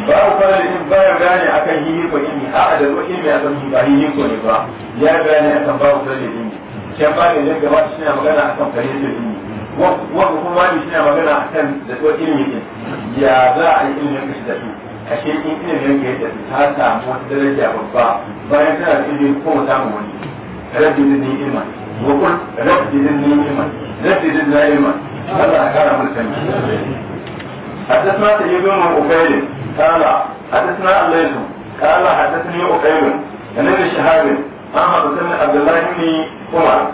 ba a fara yin bayan gane akan hihi ko ilmi a da ruwa ilmi a kan ba hihi ko ne ba ya gane a akan babu sarri ilmi can ba da yin gaba su suna magana a kan kare da ilmi wanda kuma wani suna magana akan da ruwa ilmi din ya za a yi ilmin kashi da su ashe in ilimin ka da su ta samu wata daraja babba bayan tana da ilmi ko mu wani rabbi da ni ilmi وقل رب زدني علما رب زدنا علما الله كرم الكلمة حدثنا سيد بن عقيل قال حدثنا الليث قال حدثني عقيل عن ابن شهاب عن حدثني عبد الله بن عمر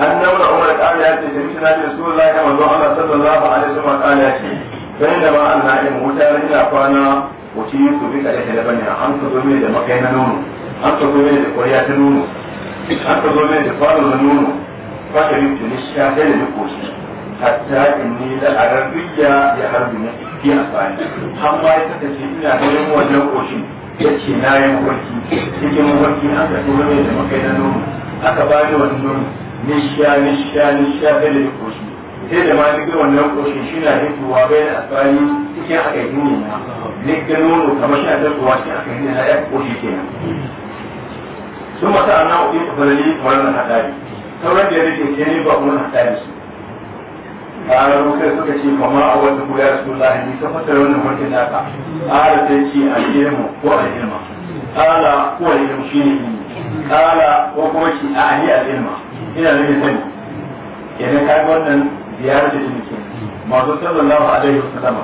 أن ابن عمر قال يا سيدي مثل رسول الله كما صلى الله عليه وسلم قال يا سيدي بينما أنا إن متى إلى فانا وتيت بك إحدى بني أنت ضمير مكان نونو أنت ضمير قرية نونو aka zo mai da kwano na nono kwata yin tuni sha da da koshi hatta in ni da arabiya ya harbi na fi amfani har ma ya kasance ina ganin wajen koshin ya ce na yi mafarki cikin mafarki an ka tura mai da makai na nono aka ba ni wani nono nisha nisha nisha da da koshi sai da ma duk wannan koshin shi na hitowa bai da asali cikin aka yi ne na ne ga nono kamar shi a tasowa shi aka yi ne na ya koshi kenan sun mata annan uku ta ni wannan hadari sauran da ya ke ne ba wannan hadari su ƙara rukar suka ce kuma a ku ya su lahi ni ta fatar wannan wannan naka ƙara ta ce a ilmu ko a ilma ala ko a ilmu shi ne ilmi ko kuma shi a ahi a ilma ina ne sani idan ka wannan ziyarar da jini masu sallallahu alaihi wasallam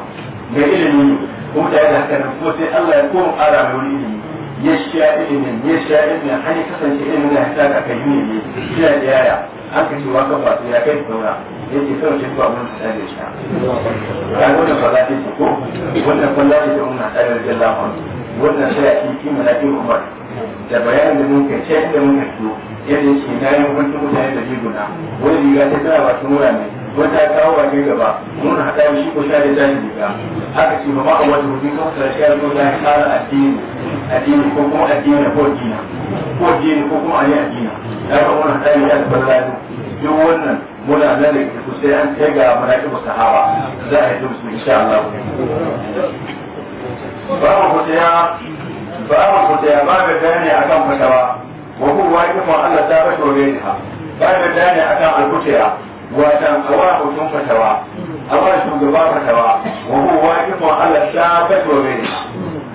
ga ilimi ko da haka nan ko sai Allah ya koma ara mai wani ilimi ya sha ilimin ya sha ilimin har ya kasance ilimin ya ta ka kai ne shi ya yaya an ka ce wa ka ba ya kai saura ce sau ce ba mun ta da shi ya wannan ya ce ko wannan ya ce da umma ta ya wannan sai ya cikin malakin Umar da bayanin da mun kai da mun kai yadda yake na yi hukuncin mutane da riguna wani riga ta tana ba tumura mai wata kawo wa gaba mun haɗa shi ko sha da zai diga haka ce ba ma a wata hudu ko ta shi ta tsara addini addini ko kuma addini ko dina ko dini ko kuma ayi addini da ba mun haɗa shi da balladu duk wannan muna nan da ku sai an kai ga mala'iku sahaba za a yi musu insha Allah ba mu ba mu kutiya ba ga akan fatawa wa huwa wajibun Allah ta rasho ne ha ba ga gane akan alkutiya watan awa mutum fatawa awa shugaba fatawa wa huwa wajibun ala shafa domin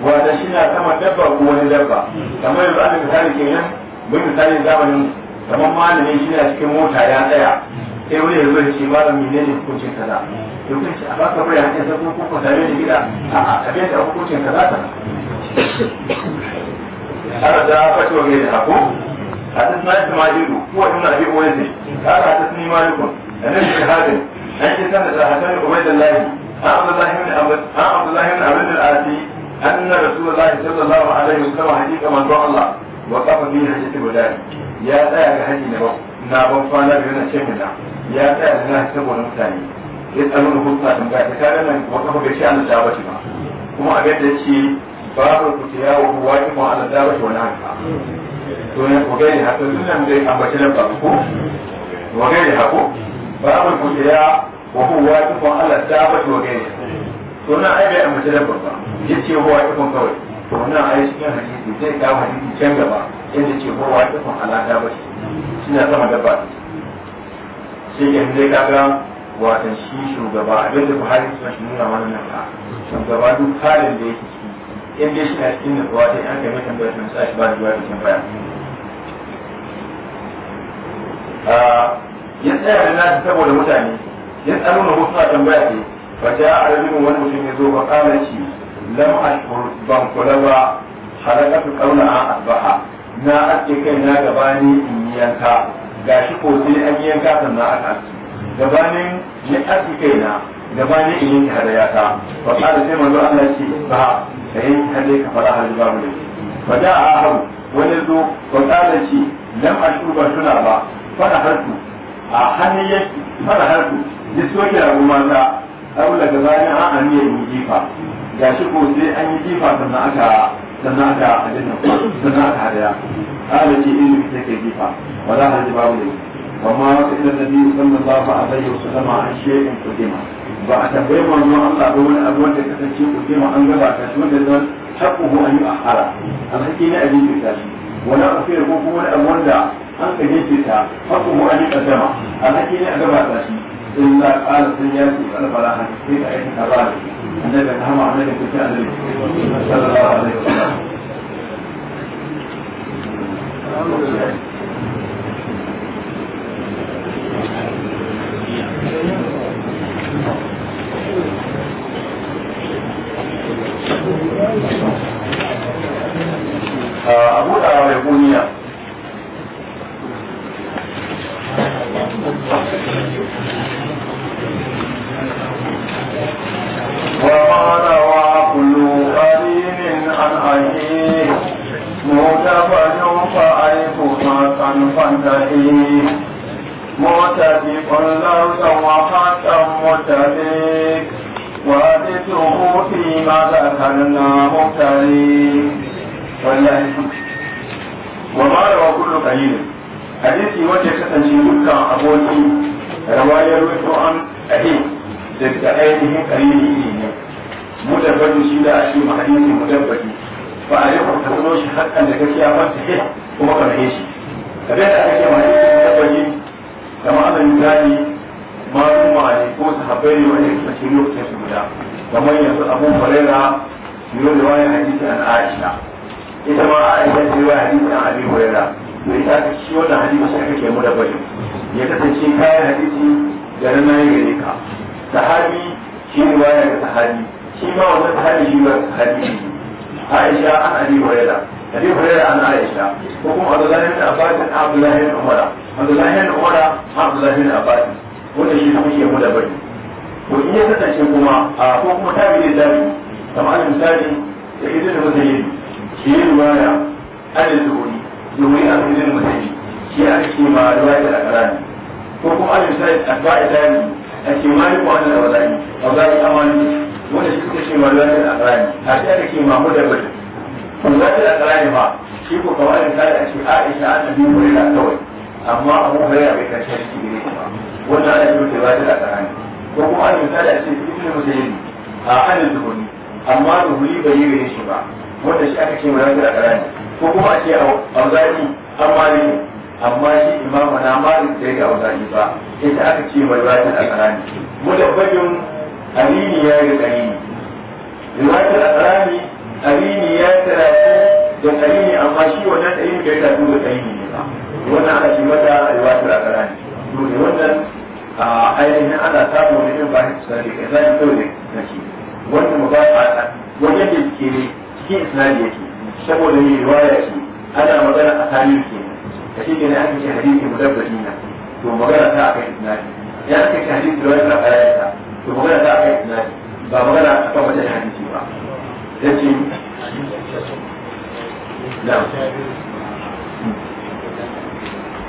wata shi na sama dabba ko wani dabba kamar yanzu an misali kenan mun misali zamanin kamar malami shi na cikin mota ya tsaya sai wani yanzu ya ce malam menene hukuncin kaza hukunci a baka bai hakan sai kuma kuka tare da gida a a abin da hukuncin kaza ta ana da fatuwa mai da na hako حدثنا اسماعيل هو ابن ابي اويس قال حدثني مالك أنا شهاد أنت سنة شهادة عبيد الله عن عبد الله بن عبد عن عبد الله بن عبد الآتي أن رسول الله صلى الله عليه وسلم حديث من دعا الله وقف به حجة بلاد يا ذاك حجي نبو نابو فانا بيونا شمنا يا ذاك ناس تبون مثالي يسألون خطنا تنبات كان من وقف بشيء عن الدعوة ما kuma abin da ce babu kutiya wa huwa imu ala dabashi wani haka to ne ku gaire haka sunan da ambaci nan babu ku wa gaire haka babu kujera wa huwa wajibun ta dabati wa gani sunan ai bai amince da babba yace huwa wajibun kawai to wannan ai cikin hadisi zai kawo hadisi can gaba yadda ce huwa wajibun ala dabati shine sama da ba shi ke zai kaga watan shi shugaba abinda Buhari suna shi nuna nan ba shugaba duk halin da yake ciki shi na cikin sai an kai sa shi ba da da ya tsaya da nashi saboda mutane ya tsaro na wasu a tambaya ce fa ja arabin wani mutum ya zo ba kana shi lam ashkur ban kula ba halakatu kauna an asbaha na aske kai na gabani in yanka gashi ko sai an yi yanka sannan aka aske gabanin ya aske kai na gabanin in yanka hadaya ta Ba kana sai manzo Allah ce ba sai hadai ka fara hadai babu ne Ba da a ahu wani zo ba kana shi lam ashkur ban suna ba fa harsu. a hannun ya fara harbu ya soke rabu maza abula da bayan an an yi jifa ga shi ko sai an yi jifa sannan aka sannan aka hadin sannan aka hadaya ala ce ilmi take jifa wala hadi babu ne amma wasu ila nabi sallallahu alaihi wasallam an shay'in qudima ba a tambaye manzon Allah ba wani abu wanda kasance qudima an gaba ta shi wanda zan haƙuhu an yi a ahara alhaki ne abin da shi wala ku sai ko kuma abu wanda an ka yake ta haku mu an kaddama alhaki ne a gabata shi illa qala sun ya ku fara han sai ka aiki aika ba ne da kama annabi ku ta annabi sallallahu alaihi wasallam amana da wazani wanda shi a shi aka ce da bari malwatin akarani ma shi ko kamar da kada a ce aisha an tabi murina kawai amma abu hurairah bai karshe shi ne ba wanda ana ce malwatin akarani ko kuma an misali a ce ibnu musayyib a hannun zuhuri amma zuhuri bai yi gare shi ba wanda shi aka ce malwatin akarani ko kuma a ce ne amma shi imama na malin da ya auza'i ba ita aka ce mai Mu da mutabbajin alini ya yi da alini a tsarani alini ya yi karatu da alini amma shi wannan alini da ya karatu da alini ne ba wannan ana ce mata riwayatul a to ne wannan a ainihin ana samun wani yin bayan tsari ka zai kawai da nake wannan a wajen da ke ne cikin ya yake saboda ne riwaya ce ana magana a ke da shi ke na ake ce hadisi mudabbaji na to magana ta aka isnadi ya aka ce hadisi da wani labarai ta to magana ta aka isnadi ba magana a kan wajen hadisi ba ya ce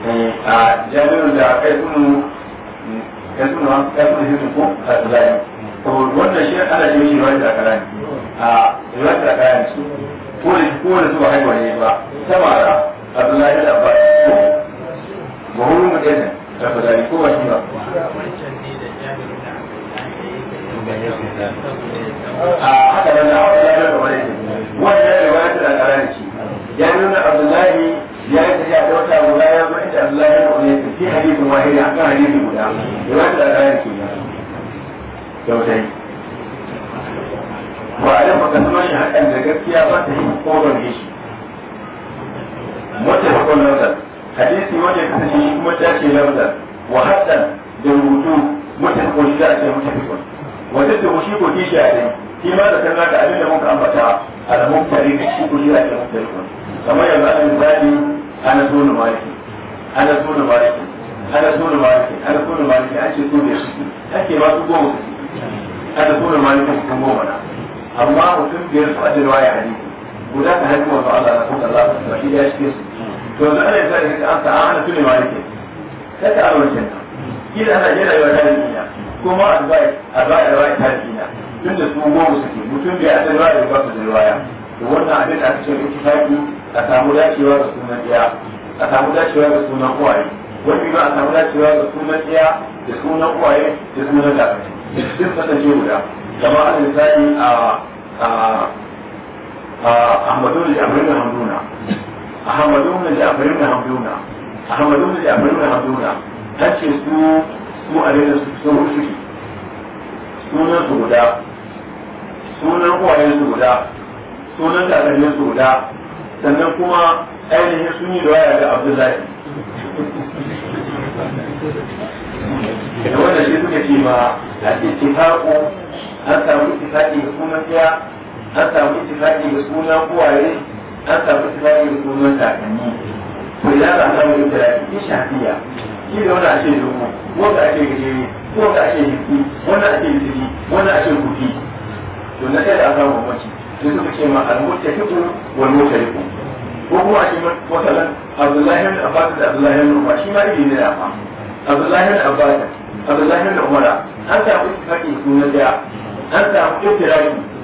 eh, a jami'ar da kai kunu kai kunu kai kunu hisu ko a tsirrai to wannan shi ana ce shi ruwan da karani a ruwan da karani su ko da su ba haihuwa ne ba samara abdullahi da abbas muhammadu magana da fadari ko ba shi ba a haka nan da abdullahi da kamar yake wannan riwaya ta da karanci ya nuna abdullahi ya yi tafiya da wata guda ya zo inda abdullahi da kamar yake fi hadisin wahiri akan hadisin guda riwaya ta da karanci kyautai ba a yamma ka zama shi hakan da gaskiya ba ta yi ko ban shi wata hakon lafzan hadisi wanda ya kasance shi kuma ta ce lafzan wa haddan da rubutu mutum ko shi za a ce mutum ko wanda da shi ko shi ya ce shi ma da kanna da abin da muka ambata al muktari shi ko shi ya ce mutum ko kamar yanzu an misali ana so na maliki ana so na maliki ana so na maliki ana so na maliki an ce so da shi ake ba su goma ana so na maliki su goma na amma mutum biyar su ajiyarwa ya hadisi guda ka haifi wa Allah na kuma Allah ba shi ya shige su to da ana yasa da an ta ana tuni ma yake ta ta aure ta kila ana jira yau ta duniya kuma a advice advice advice ta tun da su goma suke mutum bai a dalwa da ba su da ya to wannan abin da aka ce ittifaqi a samu dacewa da sunan iya a samu dacewa da sunan uwaye wani ba a samu dacewa da sunan iya da sunan uwaye da sunan da duk kasance guda kamar a misali a ahmadun ja'far ibn hamduna sunan su guda sunan su guda sunan kakannin su guda sannan kuma ainihin sun yi doya ga abdullahi da wanda shi suka ce ma a ce tifaƙo an samu tifaƙi hukumar ya an samu ittifaqi da sunan uwaye an samu ittifaqi da sunan kakanni to ya za a samu ittifaqi ki shafiya ki da wanda ake dogo wanda ake gajere wanda ake yiki wanda ake yiki wanda ake kuki to na sai da samu mace sai suka ce ma al-muttafiqu wal muttariqu ko kuma ake masalan Abdullahi ibn Abbas da Abdullahi ibn Umar shi ma iri ne da amma Abdullahi ibn Abbas Abdullahi ibn Umar an samu ittifaqi sunan da an samu ittifaqi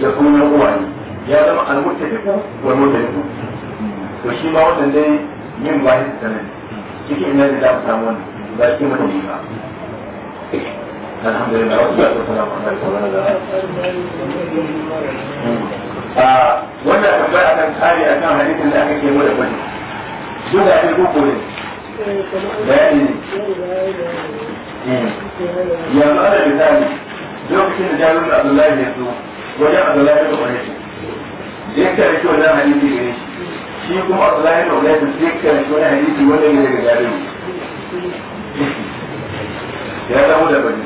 da sunan uwaye ya zama almuttafiqu wal mutafiqu to shi ma wannan dai yin wahid sanan cikin ina da zamu samu wannan ba cikin mutum ne ba alhamdulillah wa salatu wassalamu ala rasulillah a ah, wannan tambaya kan kare akan hadisin da aka ke mu da kwani su da ake ko ne bayani ne eh. yanzu ana misali lokacin da jarumin abdullahi ya zo wajen abdullahi da wani ya karshe wannan hadisi ne shi kuma abdullahi da wani ya karshe wannan hadisi wanda ya daga gari ya zama da bane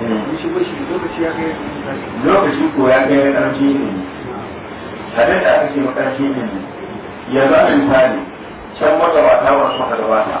hmm. lokaci ko ya kai na ne abin da aka ce makarfi ne ya zama misali can wata wata wasu hada wata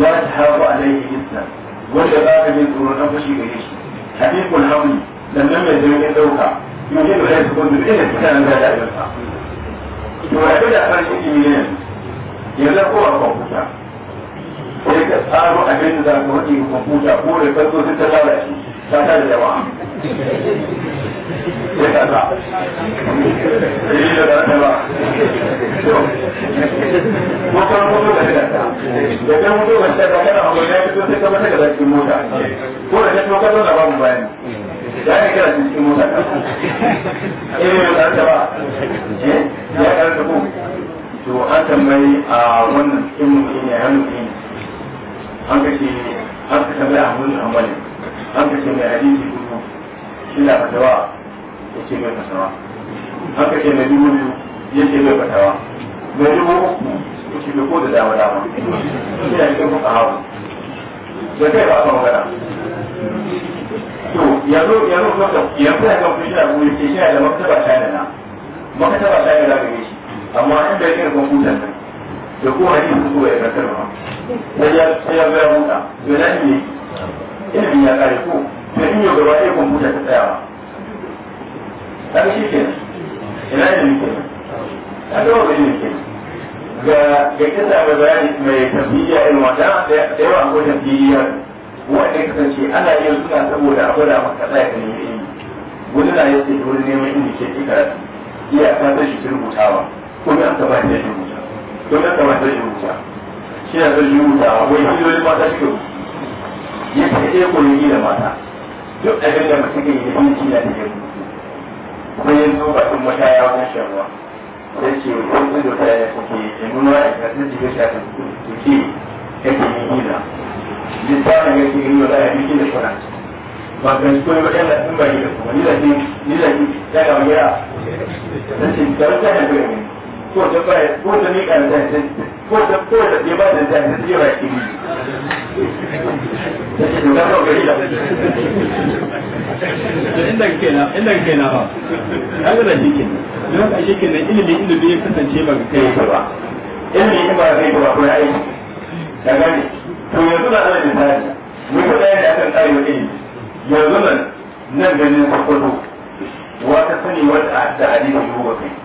la tahabu alaihi hissa wanda ba ka jin tsoron an fashi gare shi haqiqul hamli sannan mai jirgin dauka yau yin da ya kuma duk inda suka nan gada da sa to ya ga da farin ciki ne yanzu ko ka za ko da ta ta da motar mutu da shigarta da kan mutu da shigarta kana a gwai na fito sai ka mata gaza cikin mota ko da kasuwa kasuwa da babu bayan ya yi kira cikin mota irin yau da ba ya karanta ko to an tambayi a wannan cikin mutum ya hannu ne an kashe an kashe mai a hannun amali an kashe mai hadisi dubu ina fatawa ya ce mai fatawa haka ce mai dubu biyu ya ce mai fatawa mai dubu uku ya ce mai ko da dama dama ina yi kan kuka hawa da kai ba ka magana to yanzu yanzu maka yanzu ya kan fushi abu ya ce shi da maktaba china na maktaba china na gare shi amma inda da kwamfutar nan da ko hadisi ko ya kasar ba sai ya sai ya ga huta to ne ilimi ya kare ko sai in yau gaba ɗaya kwamfuta ta tsaya ba ta shi ke ina da nike ta gaba ga yin ke ga ga kisa ga bayani mai tafiya irin wata da yawa akwai tafiya wanda ya kasance ana yin suna saboda a gwada maka tsaya ka nemi ilimi wani na yadda ya wani neman inda ke ke karatu iya ka zai shi rubutawa ko ne aka ba ta rubuta ko ne aka ba ta rubuta shi na zai rubuta wai hilolin mata shi rubuta yake ta iya koyi da mata duk abin da mutum yi sun ci da yau sai yin ba batun wata ya wajen shan ruwa sai ce ko ido ta ya kuke ya nuna a kasar jikin shi a kan yake yin hila littafin yake yin yau da ya fi da kuna ba ga shi kuma wajen da sun bari da kuma ni da ni da shi ya ga wani ya da shi da wata ya ga ko ta ba ko ta ni kan da ko ta ko ta ba da da da ji ba ki da ko ga ila inda kenan inda na ba kaga da shi kenan don ka kenan ilimi ilimi ya kasance ba kai ba ilimi ba kai ba ko yi da gani to yanzu da misali mu ko da yadda akan tsari ilimi yanzu nan nan ganin sakwado wata sani wata da hadisi ko kai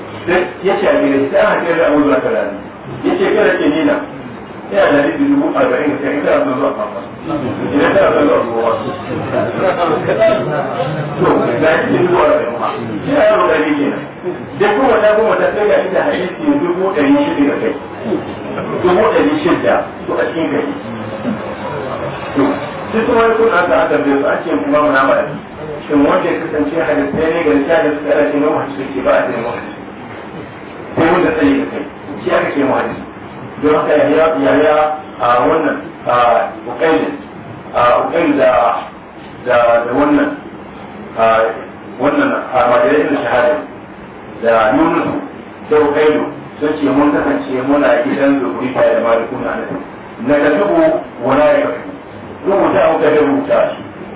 ya ce a gire sai ana kira da abu zuwa kalani ya ce kada ke nina yana da dubu arba'in da sai ita zuwa zuwa fafa idan ta zuwa zuwa zuwa to ga shi dubu arba'in ma shi na yaro ɗari kenan da kuma ta kuma ta sai ga ita hadisi dubu ɗari shida kai dubu ɗari shida to a cikin gari duk wani kun aka aka biyo su ake kuma mana ba shin wanda ya kasance hadisai ne ga da suka rashin yawan hadisi ba a cikin ko wanda tsaye da kai shi aka ce mu hadisi don haka ya ya ya wannan a ukailin a ukailin da da da wannan a wannan a majalisar shahada da yunus da ukailu sun ce mun kasance muna gidan zuri da malikuna na tafi wala ya rubuta shi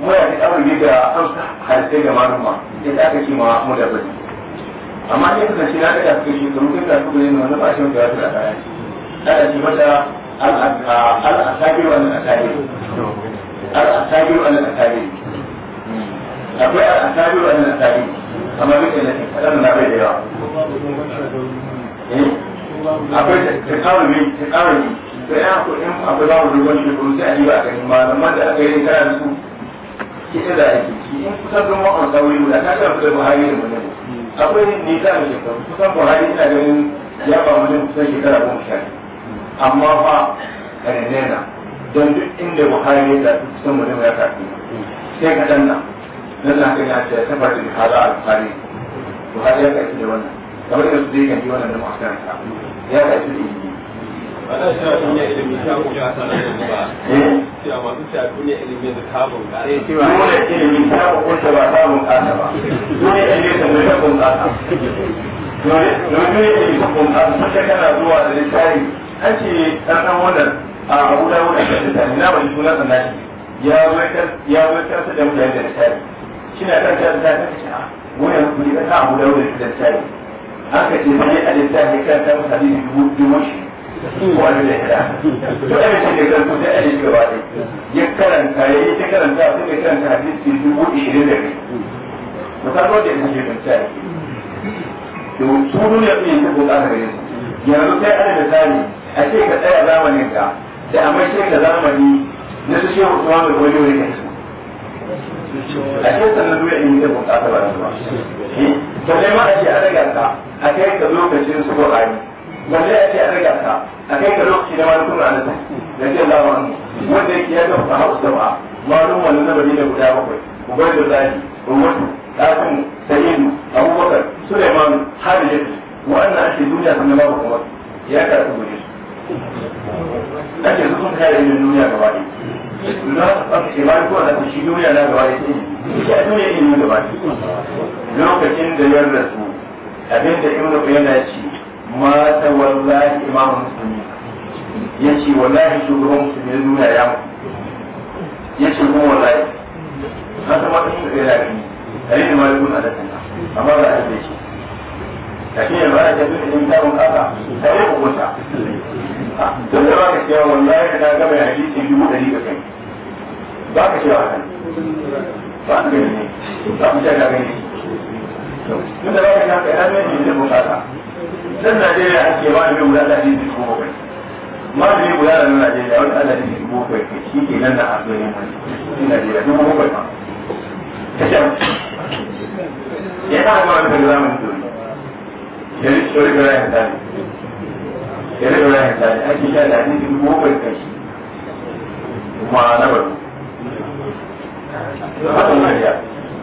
muna da abin da hausa har sai ga maluma sai da aka ce ma mu da bari amma sai kuka ce na daga suka shekaru kai da suka yi wannan ba shi da wasu da kaya kada ce mata al-asabiru al-asabiru al-asabiru al-asabiru akwai al-asabiru al-asabiru amma duk da nake kadan na bai da yawa akwai ta kawo ne ta kawo ne sai an ko in akwai babu dogon shekaru sai a yi ba a ganin malaman da aka yi kana da su ita da ake K'i in kusan zama on sauri da ta ga kusan buhari da mulin akwai ne ta da shekaru kusan buhari ina ganin ya ba mulin kusan shekara goma sha amma fa na don duk inda buhari ya tafi kusan mulin ya tafi sai ka danna nan na kan ya ce ta fara da hada alfari buhari ya tafi da wannan kamar da su dai kan ji wannan da masu ya tafi da ana cewa duniya ilimi ta buga a sanar ba eh? cewa masu cewa duniya ilimi da ta bunƙasa eh cewa duniya ilimi ta buga ba ta bunƙasa ba duniya ilimi ta bunƙasa duniya ilimi ta bunƙasa kana zuwa da littafi an ce ɗan wannan a abu da da littafi na bari sunan sa nashi ya zo ya karsa da mutane da littafi shi kan ta ta ta wani abu da ta abu da da littafi haka ce sai a littafi kan ta mutane dubu dubu shi wani ne da to ai ce da kan da ai gaba ne ya karanta ya yi karanta sai ya karanta hadisi dubu 20 da ne misalwa da yake da tsari to su duniya ne ta ko tsara gare su yanzu sai ana da tsari a ce ka tsaya zamanin ka da amma sai ka zamani na su shehu kuma mai wani wani kai a ce sannan duniya ne ta ko tsara ba ta ba to dai ma a ce a daga ka a kai ka lokacin su ko ayi balle ya ce a riga ka a kai ka lokaci da wani kuma anas radiyallahu anhu wanda yake ya dauka hausa ba malum wannan na madina guda bakwai ubaidullahi ummu qasim sayyid abubakar sulaiman hadid wa'annan ake duniya sun ba kuma ya karɓi gure su ake su sun kare ilimin duniya gaba ɗaya na aka ce bayan kowane ku shi duniya na gaba ɗaya ce ya duniya ilimin gaba ɗaya lokacin da su ya rasu abinda ibnu qayyim ya ci. ma ta wallahi imamu musulmi ya ce wallahi shugaban musulmi ya ya ya ce kuma wallahi na san wata shi da yaki tare da malikun a dasan amma ba a ce kafin ya ba a jabi da yin tabon kasa ta yi hukunta don da ba ka cewa wallahi ka ta gaba ya hadisi dubu ɗari ga kai ba ka ba ka gani ne ba ka da yi bukata dan Najeriya ake ba da guda da ne ko bai ma da ne guda da Najeriya wani Allah ne ko bai shi ke nan da abin mai Najeriya duk ko bai ma ya ta ma da zamanin dole ya ne shi da ya ta ya ne da ya ta ake sha da ne ko bai kai kuma na ba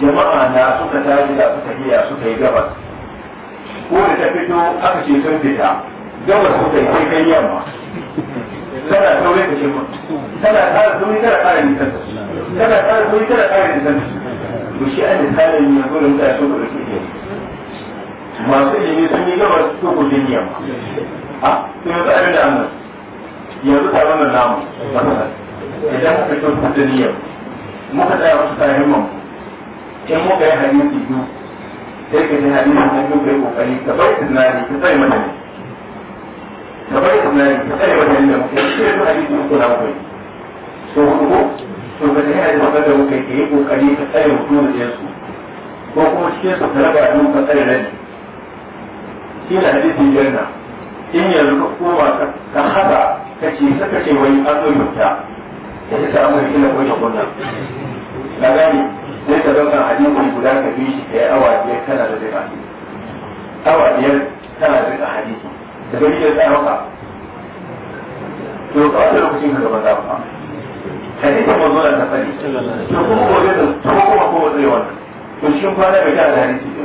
jama'a na suka tashi da suka hiya suka yi gabas ko da ta fito aka ce sun fita gabas suka yi sai kan yamma tana sauri ta ce tana tsara sauri tana tsara nisan tana tsara sauri tana tsara nisan to shi an misalin ne ko da mutane sun kuɗi suke masu ilimi sun yi gabas ko ko sun yamma ah, a sun yi tsarin da annan yanzu taron da namu idan muka kyau kuɗin yamma muka tsaya wasu tsarin mamu in muka yi hadisi biyu sai ka ji hadisi na biyu kai kokari ka bai tunani ka sai mata ne ka bai tunani ka sai mata ne da muke shi ne hadisi uku na muke so hudu to ka ji hadisi na da muke ka yi kokari ka sai mutum da yansu ko kuma cikin su ka raba abin ka sai rai shi ne hadisi biyar in yanzu ka koma ka haɗa ka ce saka ce wani azo zo yauta ya ta samu hikila ko ya kunna na gani sai ka dauka hadisi guda ka bi shi kai awa biyar kana da zai awa biyar kana da zika hadisi da bai da tsarauka to ka wata lokacin ka gaba za ba? hadisi mun zo da ta to kuma ko da to kuma ko da wannan to shin kwana bai da hadisi ne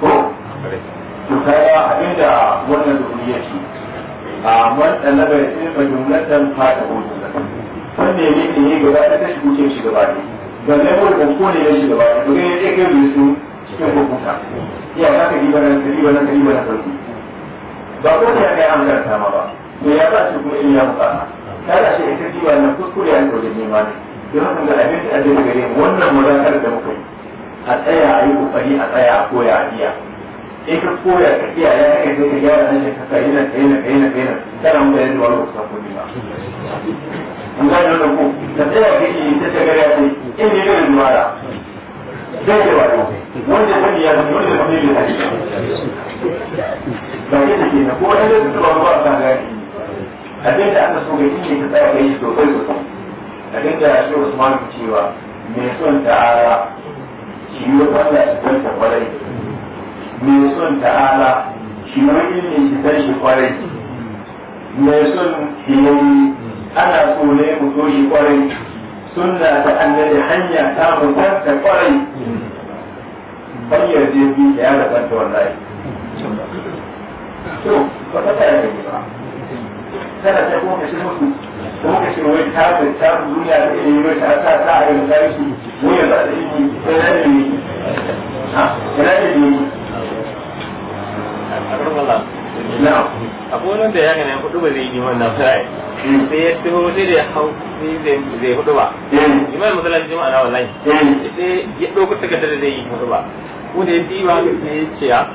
ko to abin abinda wannan ya ce a man ɗalaba ya tsaye ba jumlatan fata hoto. wanda ya ne ya gaba ta shigo ce shi gaba ne zanne ko da ko ne shi gaba da ne yake kai da su ko hukunta ya ka kai ba nan kai ba nan kai ba nan ba ko da kai an garta ma ba to ya ba shi kuma in ya muka kada shi ita ji wannan kuskure an da ne ma ne don haka da abin da ake gare wannan muzakar da muka a tsaya a yi kokari a tsaya a koya a iya in ka koya ka iya ya kai sai ka gyara nan shi ka kai nan kai nan kai nan kai nan kana mu da yadda wani kusa kudi ba. Mun gane wannan ko da tsaya ka yi ta ta gare a kai. in ne da duwara zai da wato wanda ya sani ya sani wanda ya sani ya sani ba yadda ke na ko wani da su a kan gani abin da aka so ga shi ne ka tsaya ga yi sosai sosai abin da shi Usman cewa mai son ta'ala shi yi wanda ya san ta kwarai mai son ta'ala shi wani ne ya san shi kwarai mai ya hiyayi ana so ne mu so shi kwarai suna da annabi hanya ta mutar da kwarai hanyar da bi da ya rabar da wallahi to ba ta tsaya da ba tana ta kuma kashe musu kuma kashe wai ta ta ta duniya da ilimi wai ta ta ta a yin tarihi wai ya ba da ilimi ko ya ne ha ya ne ne na'am akwai wannan da ya gane hudu ba zai yi hmm. sai ya sai da hau sai zai hudu ba hmm. imam na wallahi hmm. sai ya takardar da zai yi hudu ba ko da ya sai ya ce ah,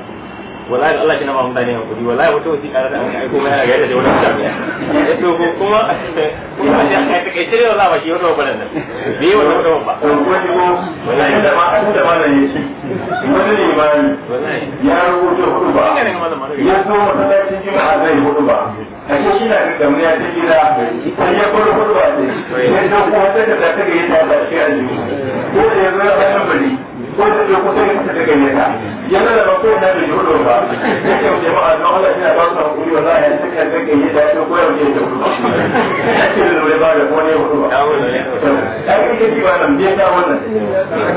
wallahi Allah kina ba mutane hakuri wallahi wata wasiƙa da aka aiko mai da wani mutane ya to ko kuma kuma kai kai tare wallahi ba shi wata babban nan bai yi wata ba wallahi da ma an da malam ya ce wani ne ba ya rubuta hudu ba ya so masallacin jima'a zai hudu ba a ce shi na da mu ya ce gida sai ya bar hudu ba ne sai da kuma sai da ta ga yadda ba shi a ko ya zo ya ko da ya kusa yin ta daga yana yana da ba ko yana da jodo ba yake wuce ma azan Allah ina ba su hakuri wallahi ya saka daga yana da ya koyar da ya kusa yake da lura ba da ko ne wuce ba ta yi kake ba nan biya ta wannan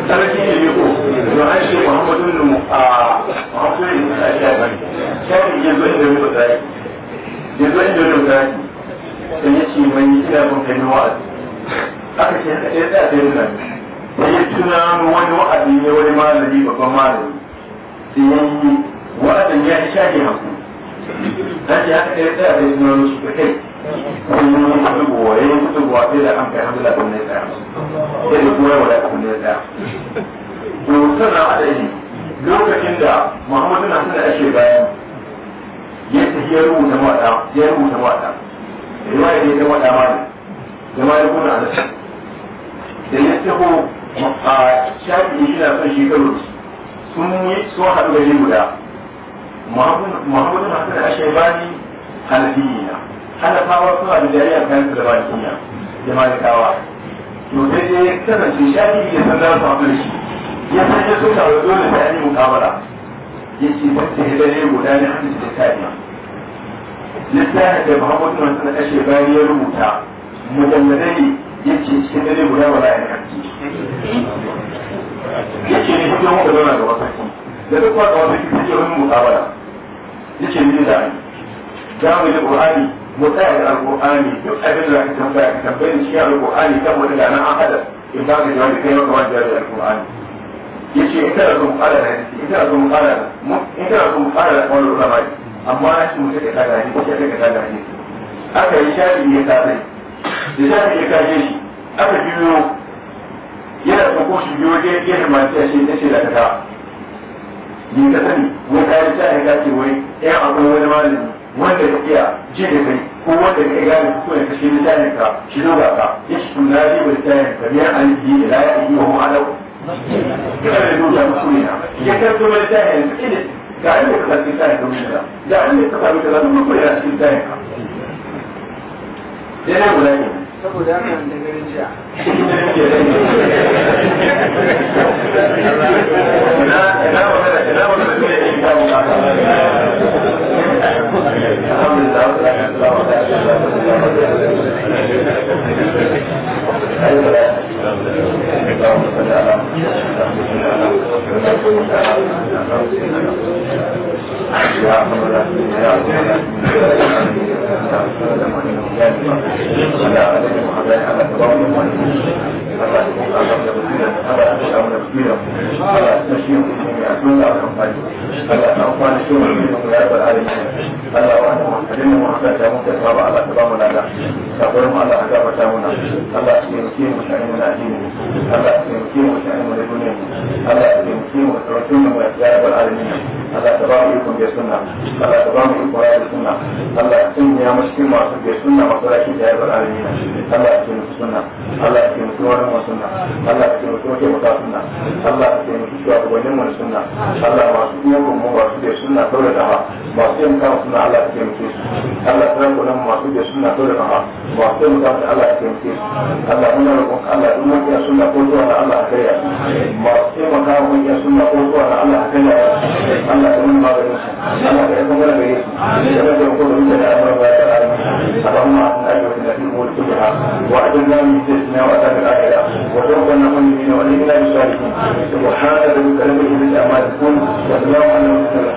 sarki ne yiko to an shi Muhammadu bin a Muhammadu bin Shaiban sai ya zo inda muka tsaya ya zo inda muka tsaya sai ya ce mai ina kun kai wa'azi aka ce ya tsaya sai ya sai ya tuna wani wa'azi ne wani malami babban malami sai ya yi wa'azin ya ci shafi hamsin dan ya haka ya tsaya sai tuna su da kai wani ne ya kudu wa ya yi kudu wa sai da an kai hamdala da wani tsaya sai da kuma yawa da ne ya tsaya to sana adadi lokacin da muhammadu na sana ake bayan ya tafi ya rubuta mawaɗa ya rubuta mawaɗa riwaya ne ta mawaɗa malam da malam kuna da da ya taho a shafi shi na son shi karo sun yi sun haɗu gari guda muhammadu hasan ashebani hanafiyina hanafawa suna da jariyar kayan da bakiya da malikawa to sai dai ya kasance shafi ya sanar da haɗu shi ya san ya so tawo dole sai an yi mukabala ya ce ban ta hidare guda ne hadis da kariya littafin da muhammadu hasan ashebani ya rubuta mujalladai yace cikin dare guda ba za a yi karfi yace ne shi kuma zauna ga wasaki da duk wata wasaki take wani mutabara yace ni da ai za mu yi qur'ani mu tsaya da alqur'ani duk abin da ka tambaya ka tambaye ni cikin alqur'ani saboda da nan an hada in ba ka jawabi kai maka wani jawabi alqur'ani yace in kana son fara da in kana son fara in kana son fara da wannan ulama amma shi mutum ya kada ni ko ya kada ni aka yi shafi ya kada da za ka iya kaje shi aka biyo yana tsoko shi biyo da ya da a shi ya ce da ka ta ni ka sani wai ka yi ta ya ce wai ya akwai wani malami wanda ka iya ji da kai ko wanda ka iya da kuka ka shi da da ka shi zo ga ka ya shi tun na ji wani tayin ka biya an ji da la yi wa mu'alau kira da nuna musu ne ya karto wani tayin ka ilin ga inda ka ta tayin ka mutu da da inda ka ta tayin ka mutu da shi tayin ka yana guda ne saboda haka da garin jiya ina ina yi Thank you. Allah ya taimake mu da Allah ya mu da mu Allah ka ba na Allah ka kai masu taimaka من قبل أما بحكم ولا بريد كما يقول مثل أمر ما فعل اللهم أعطنا أجرنا في الأمور كلها وأجرنا من فتنتنا وأثار الآخرة وتوفنا مسلمين وأجرنا بالصالحين سبحان ربك رب العزة عما يصفون وسلام على المرسلين